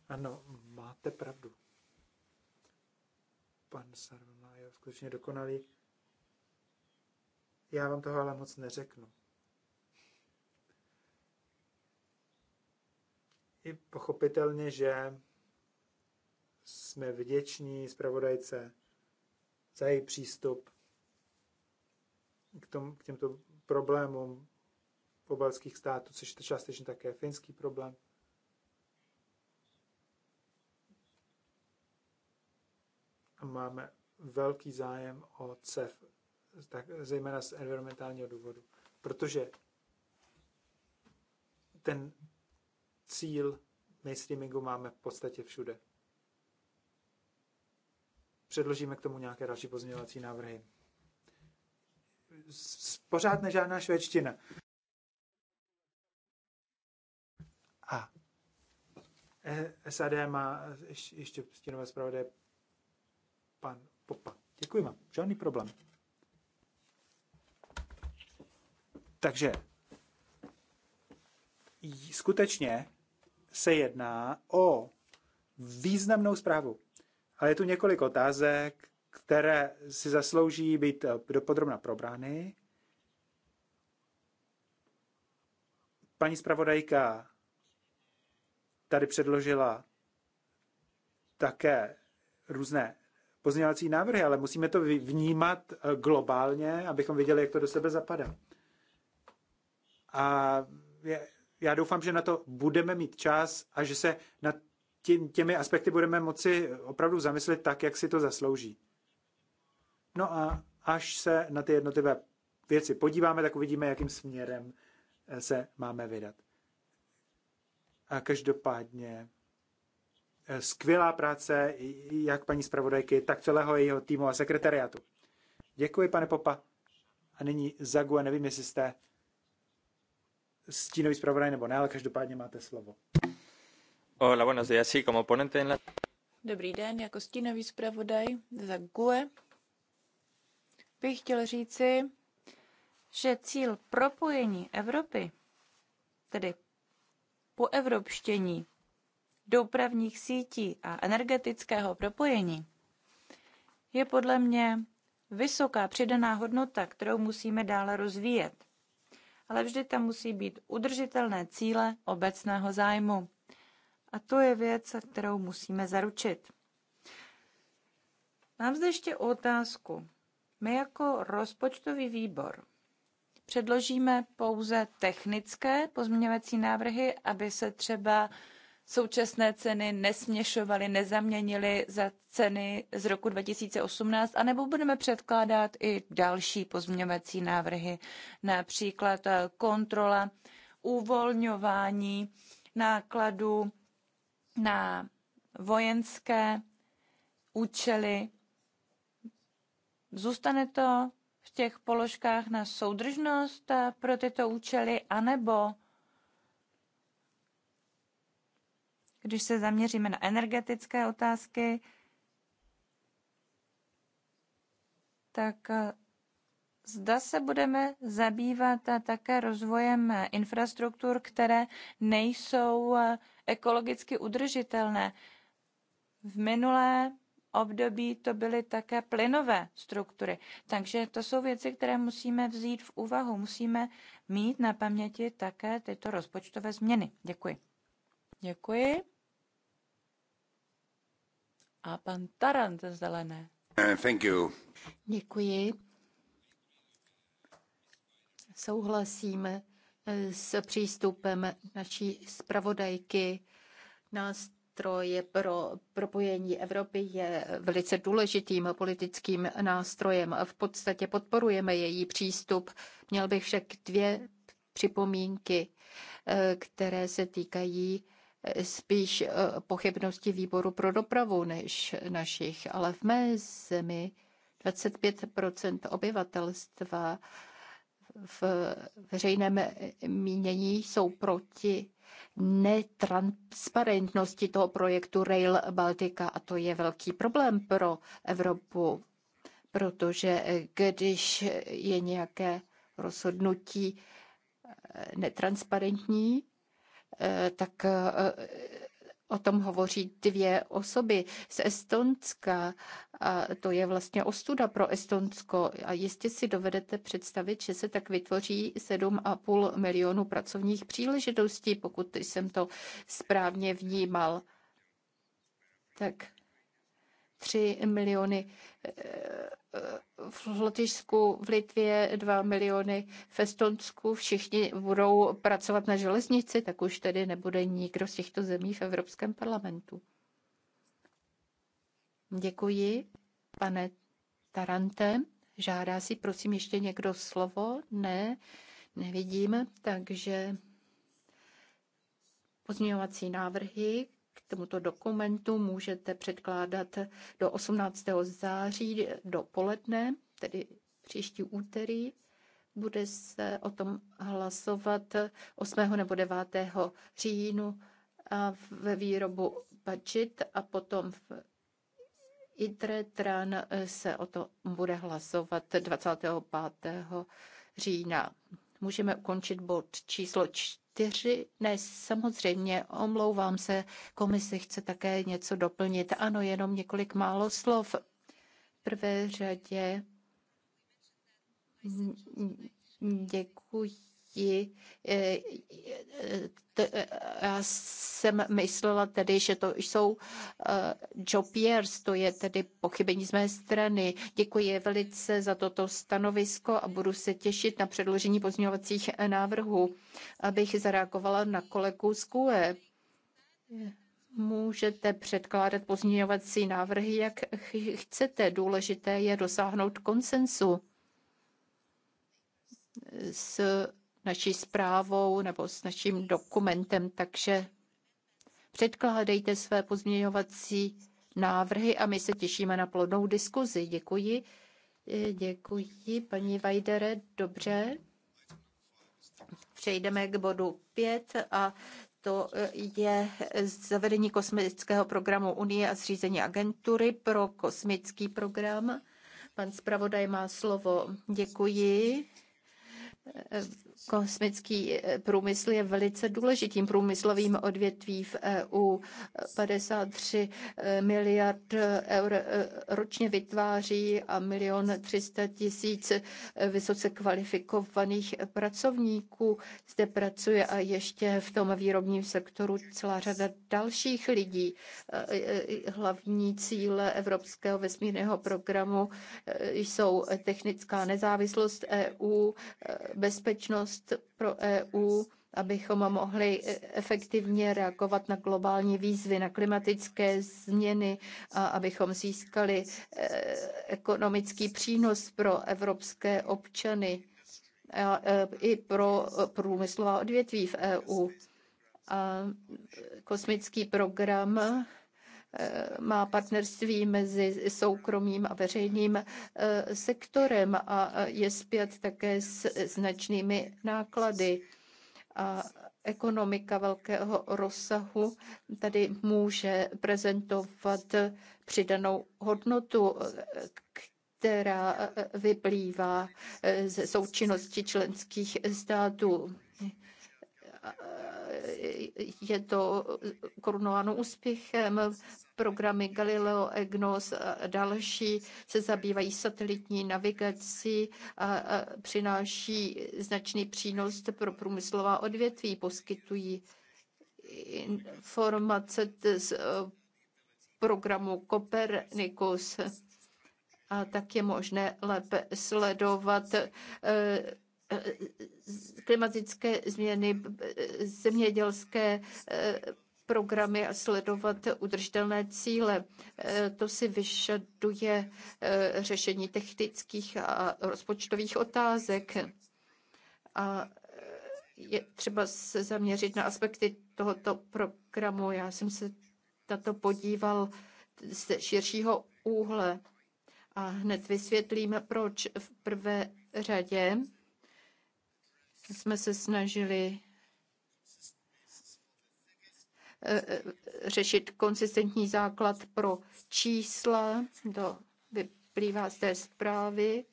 Ano, máte pravdu. Pan Sarvama je skutečně dokonalý. Já vám toho ale moc neřeknu. I pochopitelně, že jsme vděční zpravodajce za její přístup k, tom, k těmto problémům pobaltských států, což je částečně také finský problém. A máme velký zájem o CEF, tak, zejména z environmentálního důvodu, protože ten cíl mainstreamingu máme v podstatě všude. Předložíme k tomu nějaké další pozměňovací návrhy pořád nežádná švédština. A eh, SAD má ještě stínové zpravodaje pan Popa. Děkuji vám, žádný problém. Takže skutečně se jedná o významnou zprávu. Ale je tu několik otázek, které si zaslouží být eh, dopodrobna probrány. Paní zpravodajka tady předložila také různé pozměňovací návrhy, ale musíme to vnímat eh, globálně, abychom viděli, jak to do sebe zapadá. A já doufám, že na to budeme mít čas a že se nad těmi aspekty budeme moci opravdu zamyslet tak, jak si to zaslouží. No a až se na ty jednotlivé věci podíváme, tak uvidíme, jakým směrem eh, se máme vydat. A každopádně eh, skvělá práce jak paní zpravodajky, tak celého jejího týmu a sekretariátu. Děkuji, pane Popa. A nyní Zagu, a nevím, jestli jste stínový zpravodaj nebo ne, ale každopádně máte slovo. Hola, buenos días. como ponente en la... Dobrý den, jako stínový zpravodaj za GUE bych chtěl říci, že cíl propojení Evropy, tedy po evropštění dopravních sítí a energetického propojení, je podle mě vysoká přidaná hodnota, kterou musíme dále rozvíjet. Ale vždy tam musí být udržitelné cíle obecného zájmu. A to je věc, kterou musíme zaručit. Mám zde ještě otázku. My jako rozpočtový výbor předložíme pouze technické pozměňovací návrhy, aby se třeba současné ceny nesměšovaly, nezaměnily za ceny z roku 2018, anebo budeme předkládat i další pozměňovací návrhy, například eh, kontrola uvolňování nákladů na vojenské účely Zůstane to v těch položkách na soudržnost eh, pro tyto účely, anebo když se zaměříme na energetické otázky, tak eh, zda se budeme zabývat eh, také rozvojem infrastruktur, které nejsou ekologicky udržitelné. V minulé období to byly také plynové struktury. Takže to jsou věci, které musíme vzít v úvahu. Musíme mít na paměti také tyto rozpočtové změny. Děkuji. Děkuji. A pan Tarant zelené. Eh, thank you. Děkuji. Souhlasím eh, s přístupem naší zpravodajky. Nás nástroj pro propojení Evropy je velice důležitým politickým nástrojem. V podstatě podporujeme její přístup. Měl bych však dvě připomínky, eh, které se týkají eh, spíš eh, pochybnosti výboru pro dopravu než našich, ale v mé zemi 25 obyvatelstva v veřejném mínění jsou proti netransparentnosti toho projektu Rail Baltica a to je velký problém pro Evropu, protože když je nějaké rozhodnutí netransparentní, eh, tak eh, O tom hovoří dvě osoby z Estonska. A to je vlastně ostuda pro Estonsko. A jistě si dovedete představit, že se tak vytvoří 7,5 milionu pracovních příležitostí, pokud jsem to správně vnímal. Tak 3 miliony eh, Eh, v Lotyšsku, v Litvě 2 miliony, v Estonsku všichni budou pracovat na železnici, tak už tedy nebude nikdo z těchto zemí v Evropském parlamentu. Děkuji, pane Tarante. Žádá si, prosím, ještě někdo slovo? Ne, nevidím, takže pozměňovací návrhy tomuto dokumentu můžete předkládat do 18. září do poledne, tedy příští úterý. Bude se o tom hlasovat 8. nebo 9. říjnu ve výrobu budget a potom v ITRE TRAN se o to bude hlasovat 25. října. Můžeme ukončit bod číslo 4 čtyři, ne, samozřejmě, omlouvám se, komise chce také něco doplnit. Ano, jenom několik málo slov. V prvé řadě děkuji oblasti. Eh, eh, eh, já jsem myslela tedy, že to jsou job years, to je tedy pochybení z mé strany. Děkuji velice za toto stanovisko a budu se těšit na předložení pozměňovacích návrhů, abych zareagovala na kolegu z QE. Můžete předkládat pozměňovací návrhy, jak chcete. Důležité je dosáhnout konsensu s naší zprávou nebo s naším dokumentem, takže předkládejte své pozměňovací návrhy a my se těšíme na plodnou diskuzi. Děkuji. Děkuji, paní Vajdere. Dobře. Přejdeme k bodu 5 a to je zavedení kosmického programu Unie a zřízení agentury pro kosmický program. Pan zpravodaj má slovo. Děkuji. Kosmický eh, průmysl je velice důležitým průmyslovým odvětví v EU. 53 eh, miliard eh, eur ročně vytváří a milion 300 tisíc vysoce kvalifikovaných pracovníků zde pracuje a ještě v tom výrobním sektoru celá řada dalších lidí. Hlavní cíle Evropského vesmírného programu jsou technická nezávislost EU, bezpečnost, možnost pro EU, abychom mohli efektivně reagovat na globální výzvy, na klimatické změny a abychom získali e, ekonomický přínos pro evropské občany a e, i pro průmyslová odvětví v EU. A kosmický program má partnerství mezi soukromým a veřejným eh, sektorem a eh, je zpět také s značnými náklady. A ekonomika velkého rozsahu tady může prezentovat přidanou hodnotu, eh, která vyplývá ze součinnosti členských států je to korunováno úspěchem. Programy Galileo, EGNOS a další se zabývají satelitní navigací a přináší značný přínos pro průmyslová odvětví, poskytují informace z eh, programu Copernicus a tak je možné lépe sledovat eh, klimatické změny, zemědělské e, programy a sledovat udržitelné cíle. E, to si vyžaduje e, řešení technických a rozpočtových otázek. A je třeba se zaměřit na aspekty tohoto programu. Já jsem se na to podíval z širšího úhle a hned vysvětlím, proč v prvé řadě jsme se snažili eh, eh, řešit konsistentní základ pro čísla. To vyplývá z té zprávy.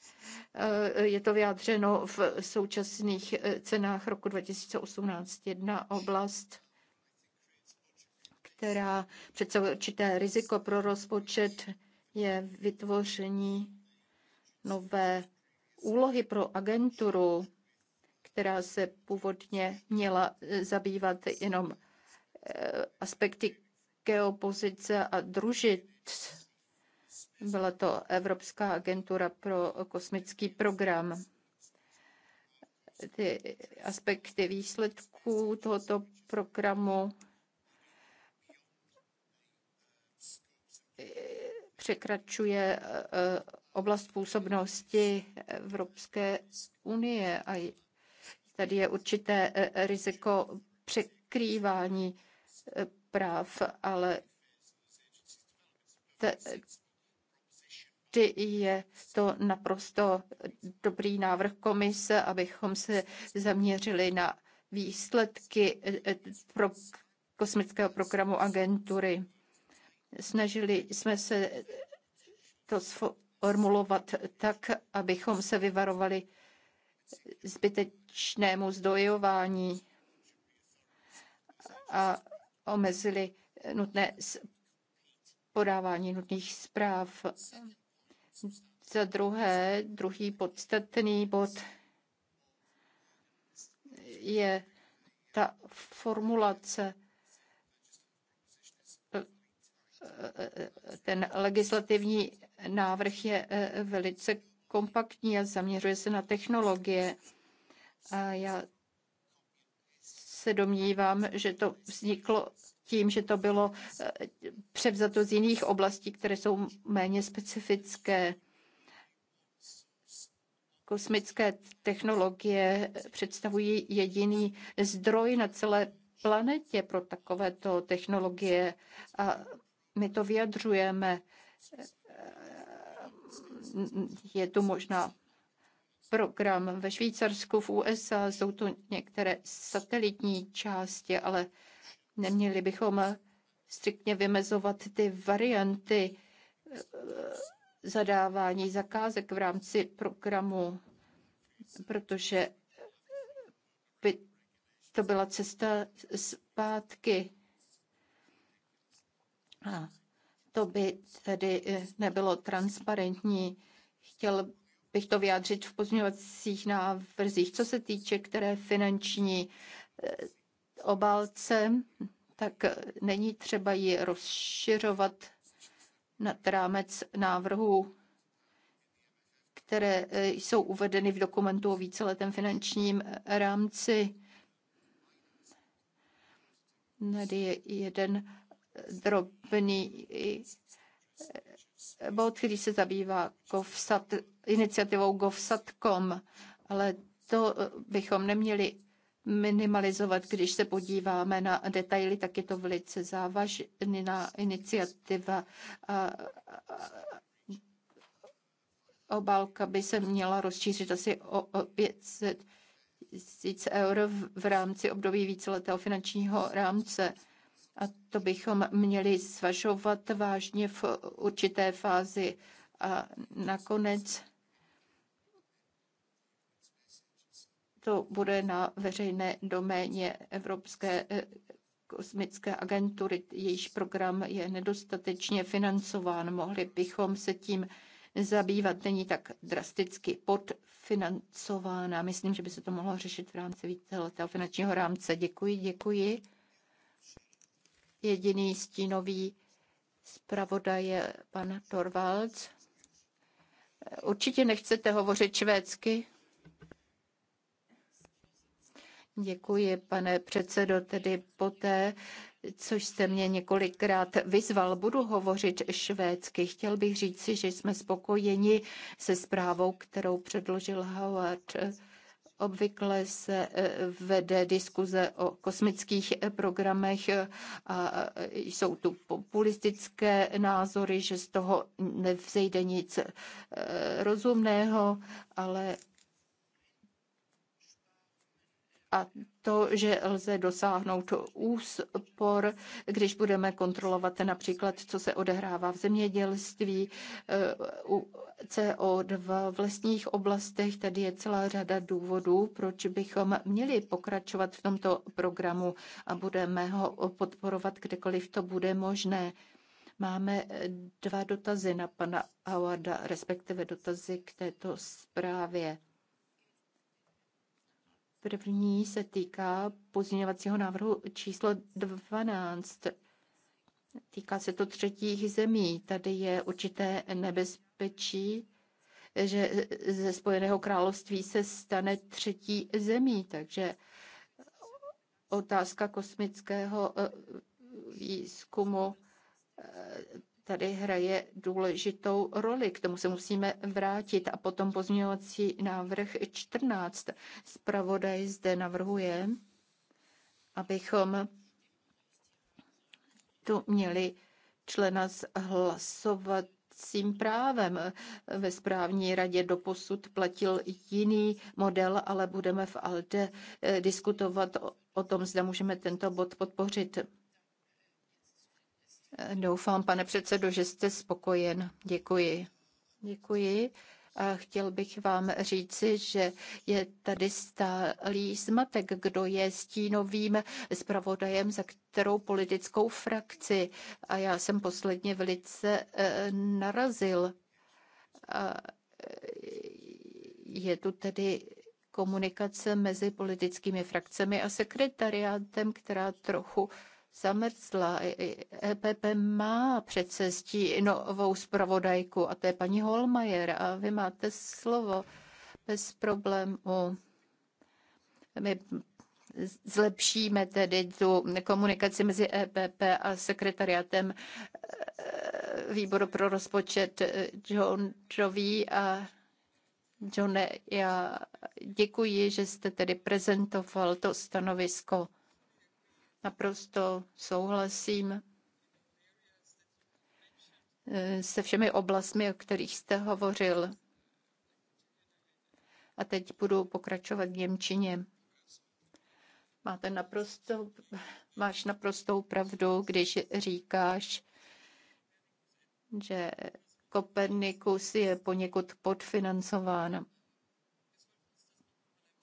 Eh, je to vyjádřeno v současných cenách roku 2018. Jedna oblast, která představuje určité riziko pro rozpočet, je vytvoření nové úlohy pro agenturu která se původně měla eh, zabývat jenom eh, aspekty geopozice a družit. Byla to Evropská agentura pro kosmický program. Ty aspekty výsledků tohoto programu eh, překračuje oblast působnosti Evropské unie a Tady je určité e, e, riziko překrývání e, práv, ale ty je to naprosto dobrý návrh komise, abychom se zaměřili na výsledky pro kosmického programu agentury. Snažili jsme se to sformulovat tak, abychom se vyvarovali zbytečných zbytečnému zdojování a omezili nutné podávání nutných zpráv. Za druhé, druhý podstatný bod je ta formulace, ten legislativní návrh je eh, velice kompaktní a zaměřuje se na technologie. A já se domnívám, že to vzniklo tím, že to bylo eh, převzato z jiných oblastí, které jsou méně specifické. Kosmické technologie představují jediný zdroj na celé planetě pro takovéto technologie a my to vyjadřujeme. Je tu možná program ve Švýcarsku, v USA. Jsou tu některé satelitní části, ale neměli bychom striktně vymezovat ty varianty eh, zadávání zakázek v rámci programu, protože by to byla cesta zpátky. A to by tedy eh, nebylo transparentní. Chtěl bych to vyjádřit v pozměňovacích návrzích. Co se týče které finanční eh, obálce, tak eh, není třeba ji rozšiřovat nad rámec návrhů, které eh, jsou uvedeny v dokumentu o víceletém finančním rámci. Tady je jeden drobný bod, který se zabývá GovSat, iniciativou GovSat.com, ale to eh, bychom neměli minimalizovat. Když se podíváme na detaily, tak je to velice závažná iniciativa. A obálka by se měla rozšířit asi o 500 tisíc eur v rámci období víceletého finančního rámce. A to bychom měli svažovat vážně v určité fázi. A nakonec to bude na veřejné doméně Evropské eh, kosmické agentury, jejíž program je nedostatečně financován. Mohli bychom se tím zabývat. Není tak drasticky podfinancována. Myslím, že by se to mohlo řešit v rámci víceletého finančního rámce. Děkuji, děkuji. Jediný stínový zpravodaj je pan Torvalds. Určitě nechcete hovořit švédsky? Děkuji, pane předsedo. Tedy poté, což jste mě několikrát vyzval, budu hovořit švédsky. Chtěl bych říci, že jsme spokojeni se zprávou, kterou předložil Howard. Obvykle se e, vede diskuze o kosmických e, programech a jsou tu populistické názory, že z toho nevzejde nic e, rozumného, ale a to, že lze dosáhnout úspor, když budeme kontrolovat například, co se odehrává v zemědělství, eh, u CO2 v lesních oblastech. Tady je celá řada důvodů, proč bychom měli pokračovat v tomto programu a budeme ho podporovat kdekoliv to bude možné. Máme dva dotazy na pana Awada, respektive dotazy k této zprávě. První se týká pozměňovacího návrhu číslo 12. Týká se to třetích zemí. Tady je určité nebezpečí, že ze Spojeného království se stane třetí zemí. Takže otázka kosmického eh, výzkumu eh, tady hraje důležitou roli. K tomu se musíme vrátit. A potom pozměňovací návrh 14. Spravodaj zde navrhuje, abychom tu měli člena s hlasovacím právem. Ve správní radě doposud platil jiný model, ale budeme v ALDE eh, diskutovat o tom, zda můžeme tento bod podpořit. Doufám, pane předsedo, že jste spokojen. Děkuji. Děkuji. A chtěl bych vám říci, že je tady stálý zmatek, kdo je stínovým zpravodajem za kterou politickou frakci. A já jsem posledně velice eh, narazil. A eh, je tu tedy komunikace mezi politickými frakcemi a sekretariátem, která trochu zamrzla. EPP e, e má přece novou zpravodajku a to je paní Holmajer a vy máte slovo bez problému. My zlepšíme tedy tu komunikaci mezi EPP a sekretariátem e, výboru pro rozpočet John Joví a Johne, já děkuji, že jste tedy prezentoval to stanovisko Naprosto souhlasím eh, se všemi oblastmi, o kterých jste hovořil. A teď budu pokračovat v Němčině. Máte naprosto, máš naprostou pravdu, když říkáš, že Kopernikus je poněkud podfinancován.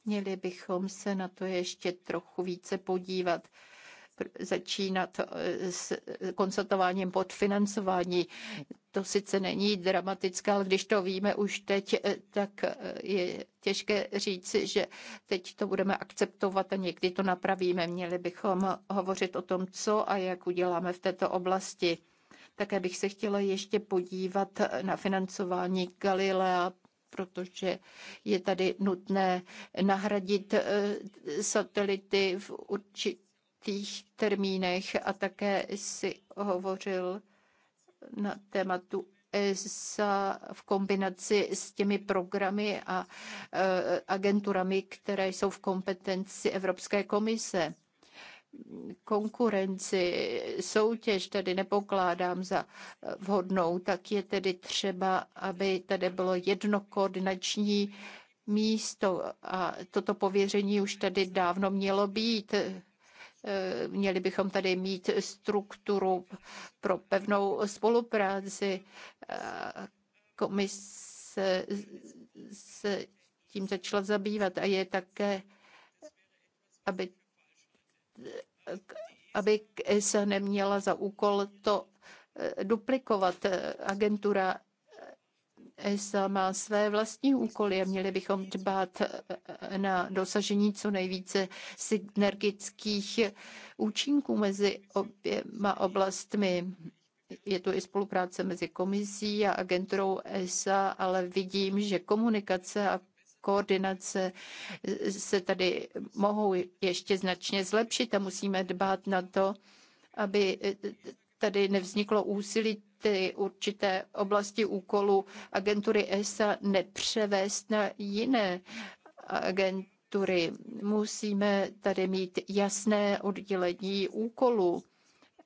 Měli bychom se na to ještě trochu více podívat začínat eh, s eh, konstatováním podfinancování. To sice není dramatické, ale když to víme už teď, eh, tak je těžké říci, že teď to budeme akceptovat a někdy to napravíme. Měli bychom hovořit o tom, co a jak uděláme v této oblasti. Také bych se chtěla ještě podívat na financování Galilea, protože je tady nutné nahradit satelity v určitě určitých termínech a také si hovořil na tématu ESA v kombinaci s těmi programy a eh, agenturami, které jsou v kompetenci Evropské komise. Konkurenci, soutěž tedy nepokládám za eh, vhodnou, tak je tedy třeba, aby tady bylo jedno koordinační místo a toto pověření už tady dávno mělo být Eh, měli bychom tady mít strukturu pro pevnou spolupráci. Eh, komise se tím začala zabývat a je také, aby, aby se neměla za úkol to eh, duplikovat. Agentura ESA má své vlastní úkoly a měli bychom dbát eh, eh, na dosažení co nejvíce synergických účinků mezi oběma oblastmi. Je to i spolupráce mezi komisí a agenturou ESA, ale vidím, že komunikace a koordinace eh, se tady mohou ještě značně zlepšit a musíme dbát na to, aby tady nevzniklo úsilí ty určité oblasti úkolů agentury ESA nepřevést na jiné agentury. Musíme tady mít jasné oddělení úkolů.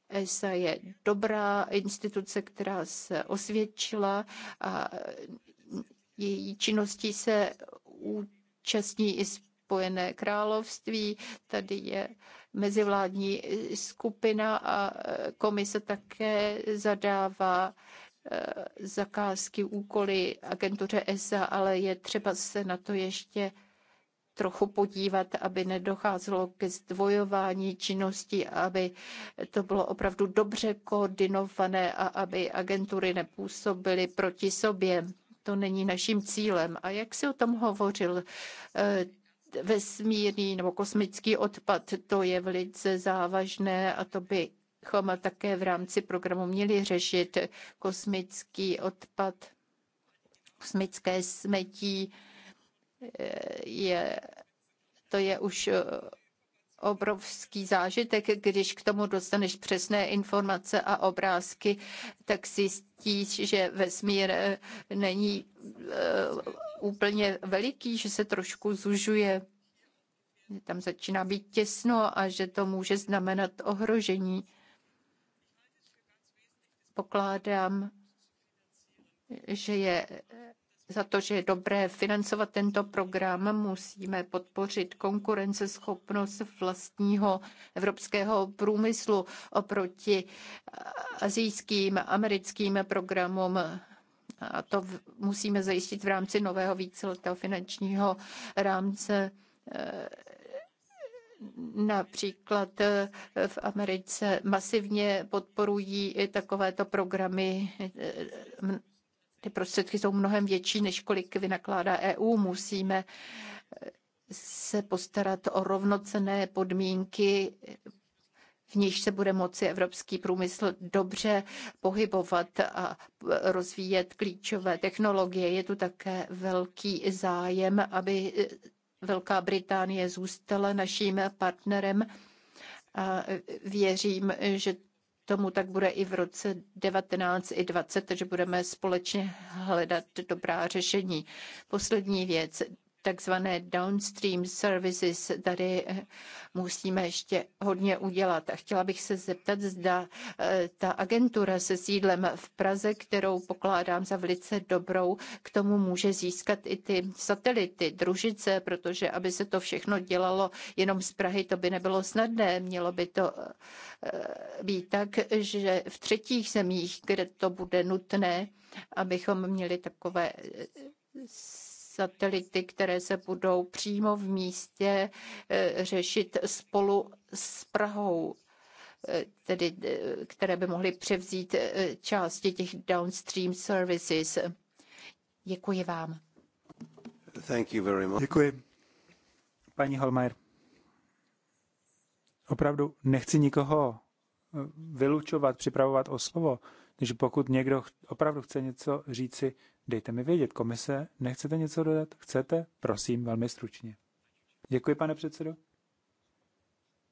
ESA je dobrá instituce, která se osvědčila a její činností se účastní i Spojené království. Tady je Mezivládní skupina a e, komise také zadává e, zakázky, úkoly agentuře ESA, ale je třeba se na to ještě trochu podívat, aby nedocházelo ke zdvojování činností, aby to bylo opravdu dobře koordinované a aby agentury nepůsobily proti sobě. To není naším cílem. A jak si o tom hovořil, e, vesmírný nebo kosmický odpad. To je velice závažné a to bychom také v rámci programu měli řešit kosmický odpad, kosmické smetí. Eh, je, to je už obrovský zážitek, když k tomu dostaneš přesné informace a obrázky, tak zjistíš, že vesmír eh, není eh, úplně veliký, že se trošku zužuje, že tam začíná být těsno a že to může znamenat ohrožení. Pokládám, že je za to, že je dobré financovat tento program, musíme podpořit konkurenceschopnost vlastního evropského průmyslu oproti azijským, americkým programům. A to musíme zajistit v rámci nového víceletého finančního rámce eh, například eh, v Americe masivně podporují takovéto programy eh, ty prostředky jsou mnohem větší, než kolik vynakládá EU. Musíme eh, se postarat o rovnocené podmínky, v níž se bude moci evropský průmysl dobře pohybovat a rozvíjet klíčové technologie. Je tu také velký zájem, aby eh, Velká Británie zůstala naším partnerem. A eh, věřím, že tomu tak bude i v roce 19 i 20, takže budeme společně hledat dobrá řešení. Poslední věc takzvané downstream services. Tady eh, musíme ještě hodně udělat. A chtěla bych se zeptat, zda eh, ta agentura se sídlem v Praze, kterou pokládám za velice dobrou, k tomu může získat i ty satelity, družice, protože aby se to všechno dělalo jenom z Prahy, to by nebylo snadné. Mělo by to eh, být tak, že v třetích zemích, kde to bude nutné, abychom měli takové Satelity, které se budou přímo v místě eh, řešit spolu s Prahou eh, tedy, eh, které by mohly převzít části těch downstream services. Děkuji vám. Thank you very much. Děkuji. Paní Holmeier, opravdu nechci nikoho vylučovat, připravovat o slovo, takže pokud někdo opravdu chce něco říci, Dejte mi vědět, komise, nechcete něco dodat? Chcete? Prosím, velmi stručně. Děkuji, pane předsedo.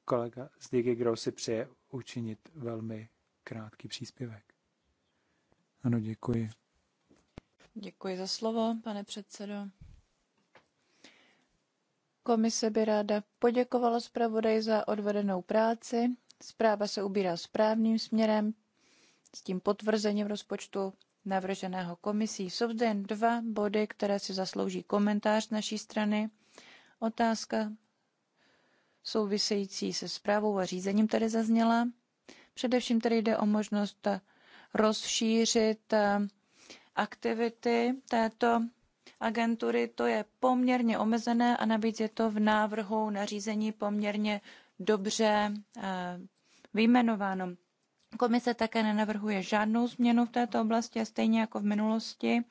Kolega z DigiGrow si přeje učinit velmi krátký příspěvek. Ano, děkuji. Děkuji za slovo, pane předsedo. Komise by ráda poděkovala zpravodaji za odvedenou práci. Zpráva se ubírá správným směrem s tím potvrzením rozpočtu navrženého komisí. Jsou zde jen dva body, které si zaslouží komentář z naší strany. Otázka související se zprávou a řízením tady zazněla. Především tady jde o možnost rozšířit eh, aktivity této agentury. To je poměrně omezené a navíc je to v návrhu nařízení poměrně dobře eh, vyjmenováno. Komise také nenavrhuje žádnou změnu v této oblasti a stejně jako v minulosti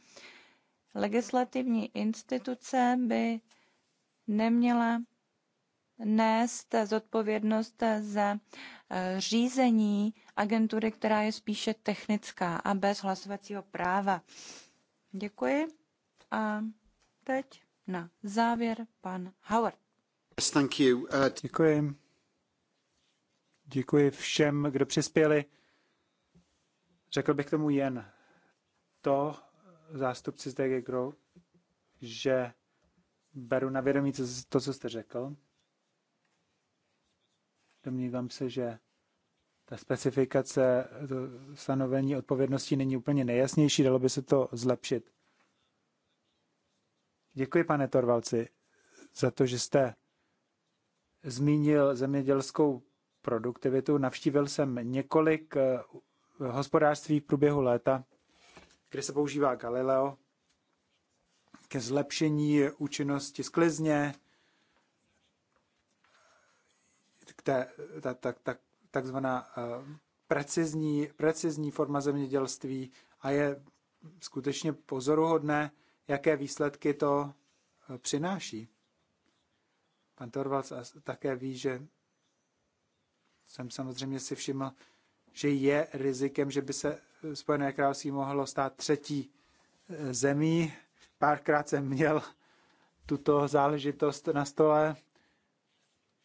legislativní instituce by neměla nést zodpovědnost za eh, řízení agentury, která je spíše technická a bez hlasovacího práva. Děkuji. A teď na závěr pan Howard. thank you. Uh, Děkuji. Děkuji všem, kdo přispěli. Řekl bych tomu jen to, zástupci z DG Grow, že beru na vědomí to, co jste řekl. Domnívám se, že ta specifikace, to stanovení odpovědnosti není úplně nejasnější, dalo by se to zlepšit. Děkuji, pane Torvalci, za to, že jste zmínil zemědělskou produktivitu. Navštívil jsem několik eh, hospodářství v průběhu léta, kde se používá Galileo ke zlepšení účinnosti sklizně, ta, takzvaná eh, precizní, precizní forma zemědělství a je skutečně pozoruhodné, jaké výsledky to eh, přináší. Pan Torvalds také ví, že jsem samozřejmě si všiml, že je rizikem, že by se eh, Spojené království mohlo stát třetí eh, zemí. Párkrát jsem měl tuto záležitost na stole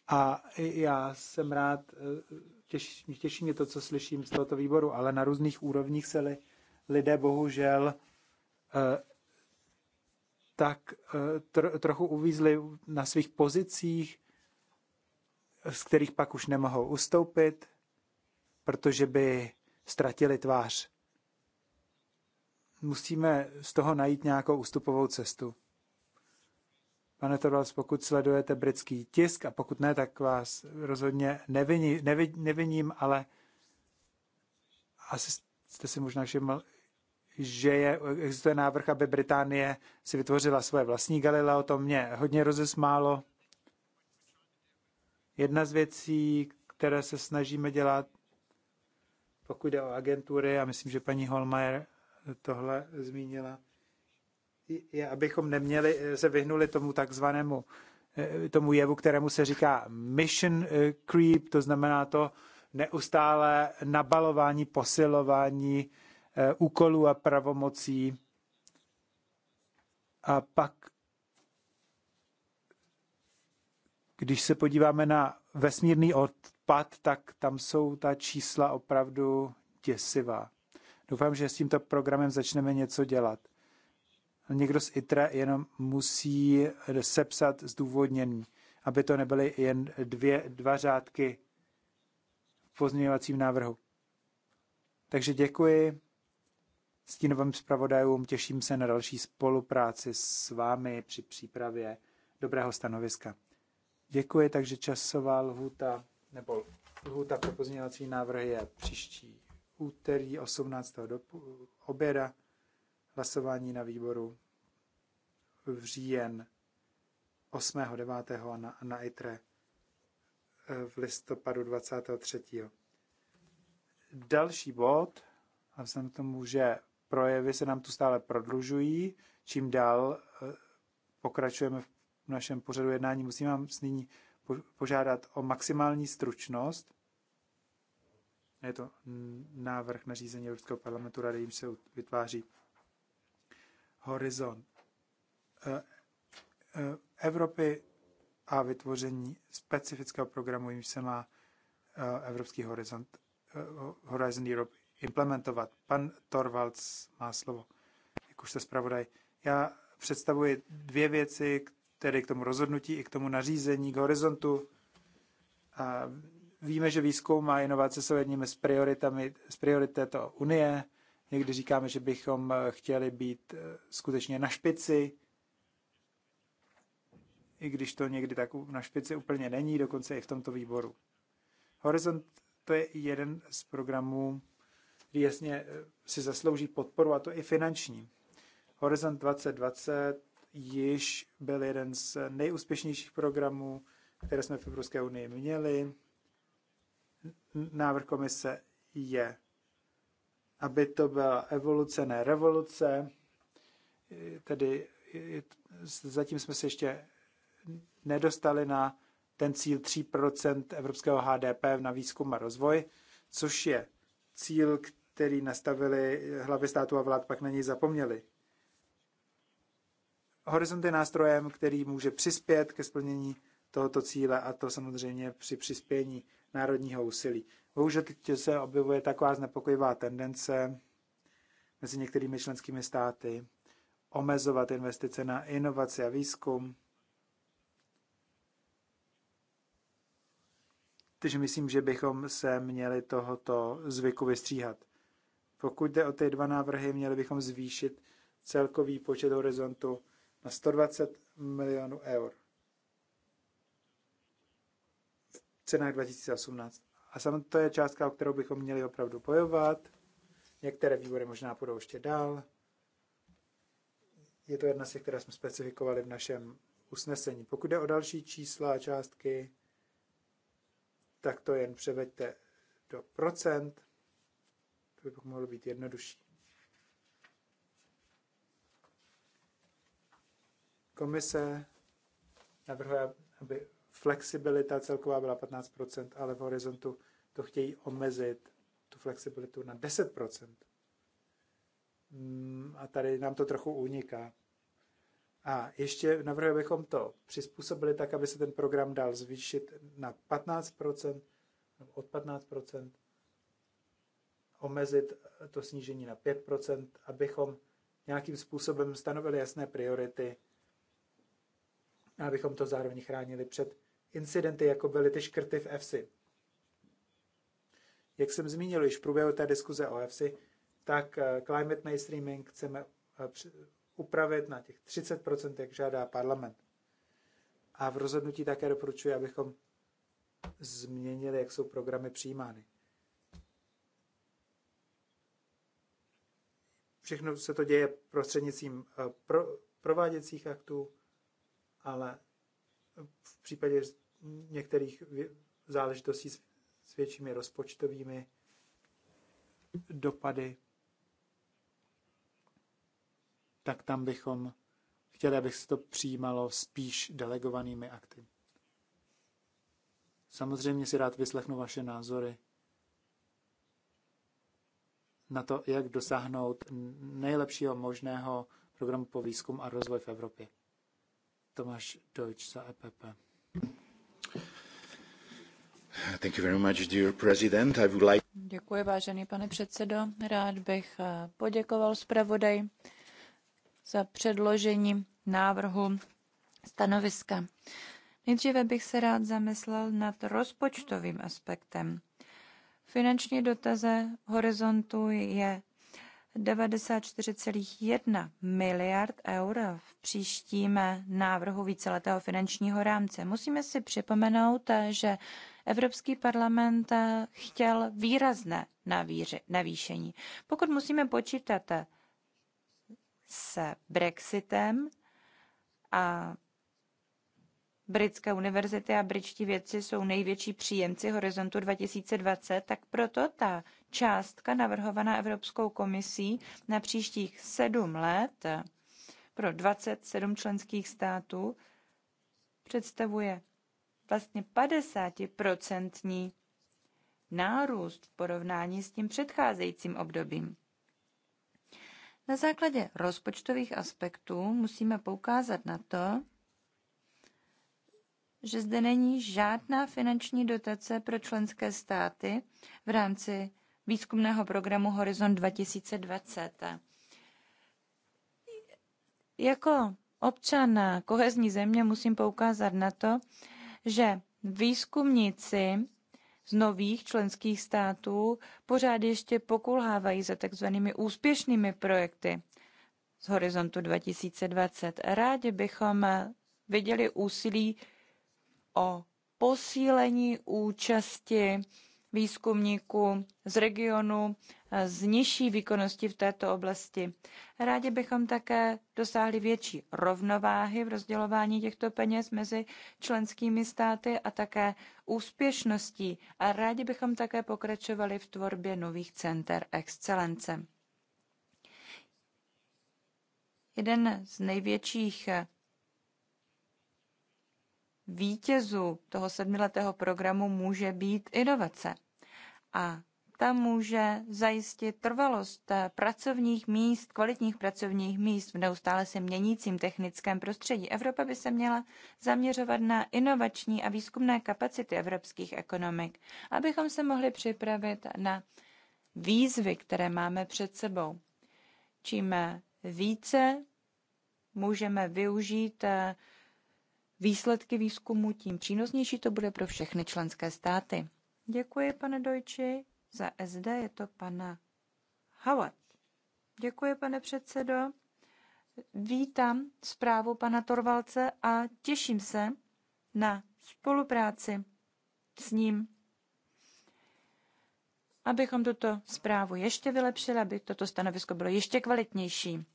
a já jsem rád, eh, těší, těší mě to, co slyším z tohoto výboru, ale na různých úrovních se li, lidé bohužel tak tro, trochu uvízli na svých pozicích, z kterých pak už nemohou ustoupit, protože by ztratili tvář. Musíme z toho najít nějakou ústupovou cestu. Pane Torvalds, pokud sledujete britský tisk a pokud ne, tak vás rozhodně neviní, nevi, neviním, ale asi jste si možná všiml, že je, existuje návrh, aby Británie si vytvořila svoje vlastní Galileo. To mě hodně rozesmálo. Jedna z věcí, které se snažíme dělat, pokud jde o agentury, a myslím, že paní Holmeier tohle zmínila, je, abychom neměli, se vyhnuli tomu takzvanému eh, tomu jevu, kterému se říká mission eh, creep, to znamená to neustále nabalování, posilování eh, úkolů a pravomocí. A pak Když se podíváme na vesmírný odpad, tak tam jsou ta čísla opravdu děsivá. Doufám, že s tímto programem začneme něco dělat. Někdo z ITRE jenom musí sepsat zdůvodnění, aby to nebyly jen dvě, dva řádky v pozměňovacím návrhu. Takže děkuji stínovým zpravodajům, těším se na další spolupráci s vámi při přípravě dobrého stanoviska. Děkuji, takže časová lhůta nebo lhůta pro pozměňovací návrhy je příští úterý 18. do oběda, hlasování na výboru v říjen 8. 9. a na, na ITRE eh, v listopadu 23. Další bod, a vzhledem k tomu, že projevy se nám tu stále prodlužují, čím dál eh, pokračujeme v v našem pořadu jednání. Musím vám nyní požádat o maximální stručnost. Je to návrh na řízení Evropského parlamentu rady, jim se vytváří horizont e, e, Evropy a vytvoření specifického programu, jimž se má e, Evropský horizont Horizon Europe implementovat. Pan Torvalds má slovo, jakožto zpravodaj. Já představuji dvě věci, tedy k tomu rozhodnutí i k tomu nařízení, k horizontu. A víme, že výzkum a inovace jsou jedními z, prioritami, z priorit této unie. Někdy říkáme, že bychom chtěli být eh, skutečně na špici, i když to někdy tak na špici úplně není, dokonce i v tomto výboru. Horizont to je jeden z programů, který jasně eh, si zaslouží podporu, a to i finanční. Horizont 2020 již byl jeden z nejúspěšnějších programů, které jsme v Evropské unii měli. Návrh komise je, aby to byla evoluce, ne revoluce. Tedy zatím jsme se ještě nedostali na ten cíl 3% evropského HDP na výzkum a rozvoj, což je cíl, který nastavili hlavy států a vlád, pak na něj zapomněli. Horizont je nástrojem, který může přispět ke splnění tohoto cíle a to samozřejmě při přispění národního úsilí. Bohužel teď se objevuje taková znepokojivá tendence mezi některými členskými státy omezovat investice na inovaci a výzkum. Takže myslím, že bychom se měli tohoto zvyku vystříhat. Pokud jde o ty dva návrhy, měli bychom zvýšit celkový počet horizontu na 120 milionů eur v cenách 2018. A samozřejmě to je částka, o kterou bychom měli opravdu bojovat. Některé výbory možná půjdou ještě dál. Je to jedna z těch, které jsme specifikovali v našem usnesení. Pokud jde o další čísla a částky, tak to jen převeďte do procent. To by mohlo být jednodušší. Komise navrhuje, aby flexibilita celková byla 15%, ale v horizontu to chtějí omezit, tu flexibilitu na 10%. Mm, a tady nám to trochu uniká. A ještě navrhuje, abychom to přizpůsobili tak, aby se ten program dal zvýšit na 15%, nebo od 15%, omezit to snížení na 5%, abychom nějakým způsobem stanovili jasné priority, a abychom to zároveň chránili před incidenty, jako byly ty škrty v EFSI. Jak jsem zmínil již v průběhu té diskuze o EFSI, tak eh, climate mainstreaming chceme eh, upravit na těch 30%, jak žádá parlament. A v rozhodnutí také doporučuji, abychom změnili, jak jsou programy přijímány. Všechno se to děje prostřednictvím eh, pro, prováděcích aktů ale v případě některých záležitostí s většími rozpočtovými dopady, tak tam bychom chtěli, aby se to přijímalo spíš delegovanými akty. Samozřejmě si rád vyslechnu vaše názory na to, jak dosáhnout nejlepšího možného programu po výzkum a rozvoj v Evropě. Tomáš Deutsch za EPP. Thank you very much, dear president. I would like... Děkuji, vážený pane předsedo. Rád bych eh, poděkoval zpravodaj za předložení návrhu stanoviska. Nejdříve bych se rád zamyslel nad rozpočtovým aspektem. Finanční dotaze horizontu je 94,1 miliard eur v příštím návrhu víceletého finančního rámce. Musíme si připomenout, že Evropský parlament chtěl výrazné navýšení. Pokud musíme počítat s Brexitem a britské univerzity a britští vědci jsou největší příjemci Horizontu 2020, tak proto ta částka navrhovaná Evropskou komisí na příštích sedm let pro 27 členských států představuje vlastně 50% nárůst v porovnání s tím předcházejícím obdobím. Na základě rozpočtových aspektů musíme poukázat na to, že zde není žádná finanční dotace pro členské státy v rámci výzkumného programu Horizon 2020. Jako občan kohezní země musím poukázat na to, že výzkumníci z nových členských států pořád ještě pokulhávají za takzvanými úspěšnými projekty z horizontu 2020. Rádi bychom viděli úsilí o posílení účasti výzkumníků z regionu s eh, nižší výkonností v této oblasti. Rádi bychom také dosáhli větší rovnováhy v rozdělování těchto peněz mezi členskými státy a také úspěšností. A rádi bychom také pokračovali v tvorbě nových center excelence. Jeden z největších eh, vítězů toho sedmiletého programu může být inovace. A ta může zajistit trvalost pracovních míst, kvalitních pracovních míst v neustále se měnícím technickém prostředí. Evropa by se měla zaměřovat na inovační a výzkumné kapacity evropských ekonomik, abychom se mohli připravit na výzvy, které máme před sebou. Čím více můžeme využít eh, výsledky výzkumu, tím přínosnější to bude pro všechny členské státy. Děkuji, pane Dojči. Za SD je to pana Howard. Děkuji, pane předsedo. Vítám zprávu pana Torvalce a těším se na spolupráci s ním, abychom tuto zprávu ještě vylepšili, aby toto stanovisko bylo ještě kvalitnější.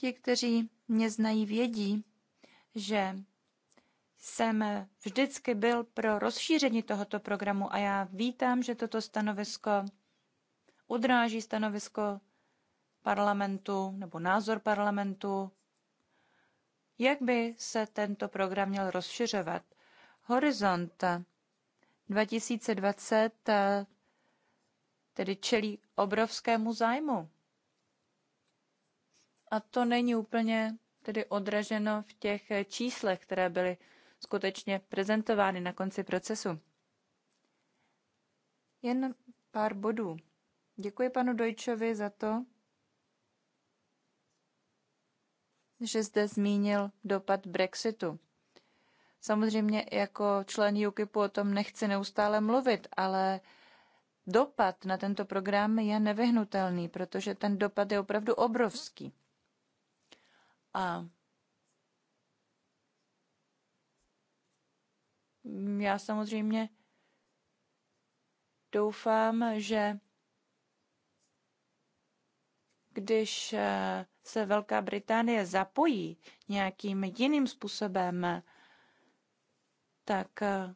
Ti, kteří mě znají, vědí, že jsem vždycky byl pro rozšíření tohoto programu a já vítám, že toto stanovisko odráží stanovisko parlamentu nebo názor parlamentu, jak by se tento program měl rozšiřovat. Horizont 2020 eh, tedy čelí obrovskému zájmu a to není úplně tedy odraženo v těch eh, číslech, které byly skutečně prezentovány na konci procesu. Jen pár bodů. Děkuji panu Dojčovi za to, že zde zmínil dopad Brexitu. Samozřejmě jako člen UKIPu o tom nechci neustále mluvit, ale dopad na tento program je nevyhnutelný, protože ten dopad je opravdu obrovský. A já samozřejmě doufám, že když eh, se Velká Británie zapojí nějakým jiným způsobem, tak eh,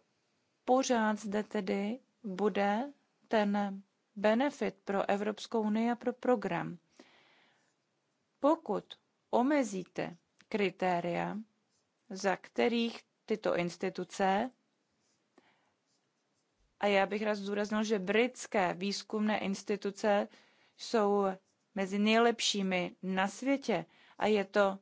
pořád zde tedy bude ten benefit pro Evropskou unii a pro program. Pokud omezíte kritéria, za kterých tyto instituce a já bych rád zdůraznil, že britské výzkumné instituce jsou mezi nejlepšími na světě a je to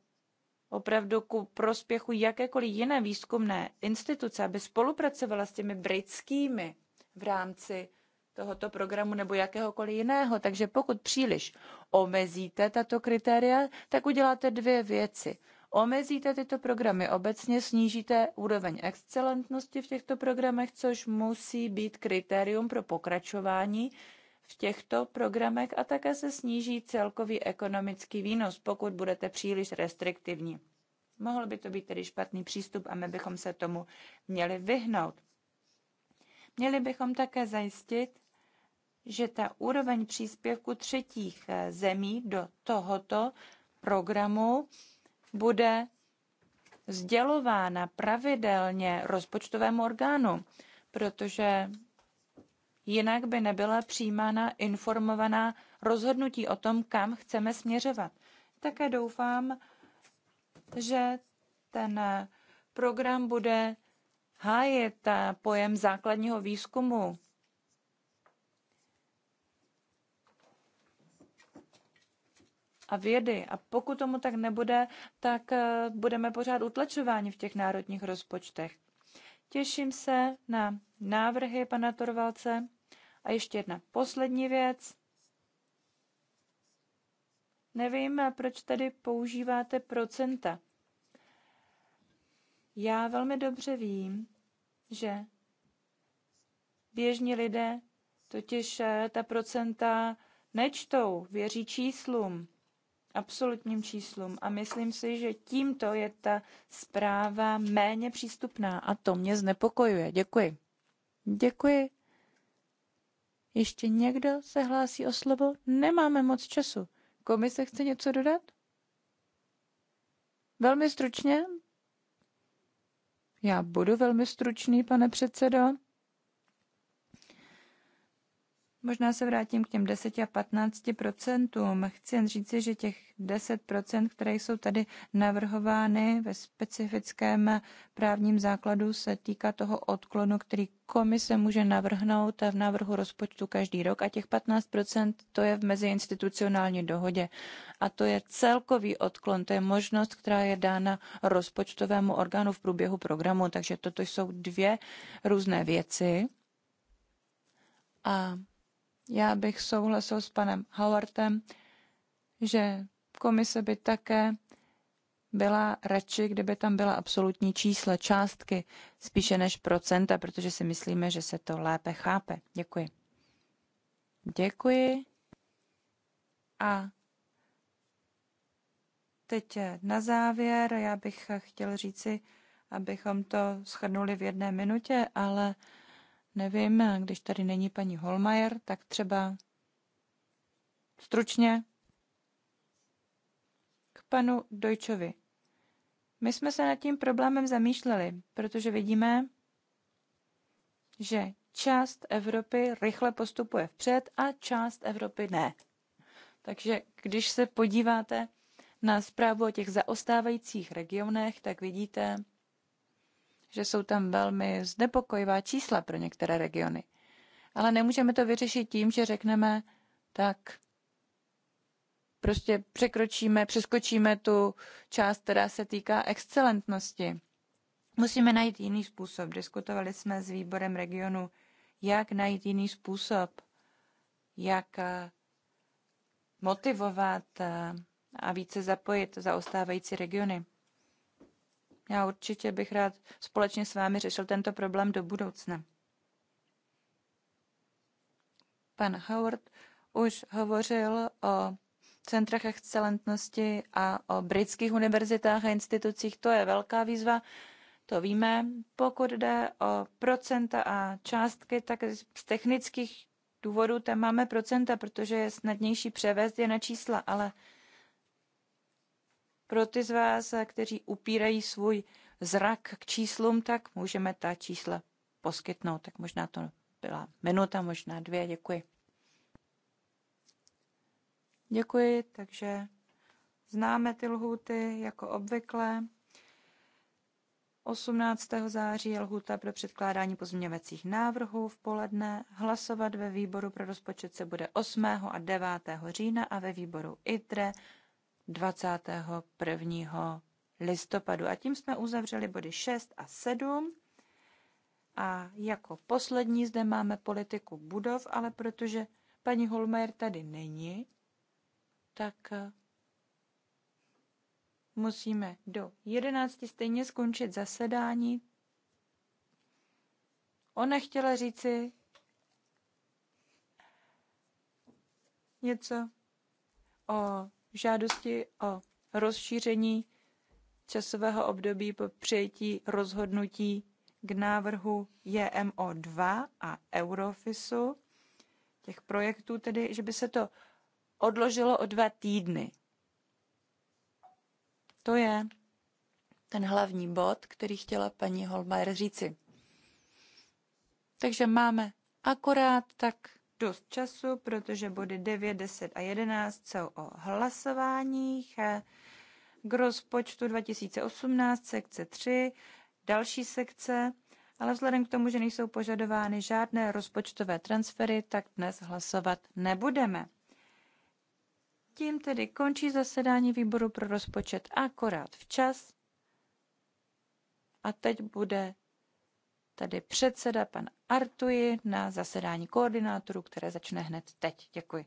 opravdu ku prospěchu jakékoliv jiné výzkumné instituce, aby spolupracovala s těmi britskými v rámci tohoto programu nebo jakéhokoliv jiného. Takže pokud příliš omezíte tato kritéria, tak uděláte dvě věci. Omezíte tyto programy obecně, snížíte úroveň excelentnosti v těchto programech, což musí být kritérium pro pokračování v těchto programech a také se sníží celkový ekonomický výnos, pokud budete příliš restriktivní. Mohl by to být tedy špatný přístup a my bychom se tomu měli vyhnout. Měli bychom také zajistit, že ta úroveň příspěvku třetích eh, zemí do tohoto programu bude sdělována pravidelně rozpočtovému orgánu, protože jinak by nebyla přijímána informovaná rozhodnutí o tom, kam chceme směřovat. Také doufám, že ten eh, program bude hájet eh, pojem základního výzkumu a vědy. A pokud tomu tak nebude, tak eh, budeme pořád utlačováni v těch národních rozpočtech. Těším se na návrhy pana Torvalce. A ještě jedna poslední věc. Nevím, eh, proč tady používáte procenta. Já velmi dobře vím, že běžní lidé totiž eh, ta procenta nečtou, věří číslům absolutním číslům. A myslím si, že tímto je ta zpráva méně přístupná a to mě znepokojuje. Děkuji. Děkuji. Ještě někdo se hlásí o slovo? Nemáme moc času. Komise chce něco dodat? Velmi stručně? Já budu velmi stručný, pane předsedo. Možná se vrátím k těm 10 a 15 procentům. Chci jen říci, že těch 10 které jsou tady navrhovány ve specifickém právním základu, se týká toho odklonu, který komise může navrhnout v návrhu rozpočtu každý rok a těch 15 to je v meziinstitucionální dohodě. A to je celkový odklon, to je možnost, která je dána rozpočtovému orgánu v průběhu programu. Takže toto jsou dvě různé věci. A já bych souhlasil s panem Howardem, že komise by také byla radši, kdyby tam byla absolutní čísla, částky, spíše než procenta, protože si myslíme, že se to lépe chápe. Děkuji. Děkuji. A teď na závěr, já bych chtěl říci, abychom to schrnuli v jedné minutě, ale Nevím, když tady není paní Holmajer, tak třeba stručně k panu Dojčovi. My jsme se nad tím problémem zamýšleli, protože vidíme, že část Evropy rychle postupuje vpřed a část Evropy ne. Takže když se podíváte na zprávu o těch zaostávajících regionech, tak vidíte, že jsou tam velmi znepokojivá čísla pro některé regiony. Ale nemůžeme to vyřešit tím, že řekneme, tak prostě překročíme, přeskočíme tu část, která se týká excelentnosti. Musíme najít jiný způsob. Diskutovali jsme s výborem regionu, jak najít jiný způsob, jak eh, motivovat eh, a více zapojit zaostávající regiony. Já určitě bych rád společně s vámi řešil tento problém do budoucna. Pan Howard už hovořil o centrech excelentnosti a o britských univerzitách a institucích. To je velká výzva, to víme. Pokud jde o procenta a částky, tak z technických důvodů tam máme procenta, protože je snadnější převést je na čísla, ale pro ty z vás, kteří upírají svůj zrak k číslům, tak můžeme ta čísla poskytnout. Tak možná to byla minuta, možná dvě. Děkuji. Děkuji, takže známe ty lhuty jako obvykle. 18. září je lhuta pro předkládání pozměňovacích návrhů v poledne. Hlasovat ve výboru pro rozpočet se bude 8. a 9. října a ve výboru ITRE 21. listopadu. A tím jsme uzavřeli body 6 a 7. A jako poslední zde máme politiku budov, ale protože paní Holmer tady není, tak eh, musíme do 11 stejně skončit zasedání. Ona chtěla říci něco o žádosti o rozšíření časového období po přijetí rozhodnutí k návrhu JMO2 a Eurofisu, těch projektů tedy, že by se to odložilo o dva týdny. To je ten hlavní bod, který chtěla paní Holmajer říci. Takže máme akorát tak dost času, protože body 9, 10 a 11 jsou o hlasováních k rozpočtu 2018, sekce 3, další sekce, ale vzhledem k tomu, že nejsou požadovány žádné rozpočtové transfery, tak dnes hlasovat nebudeme. Tím tedy končí zasedání výboru pro rozpočet akorát včas. A teď bude tady předseda pan artui na zasedání koordinátorů, které začne hned teď. Děkuji.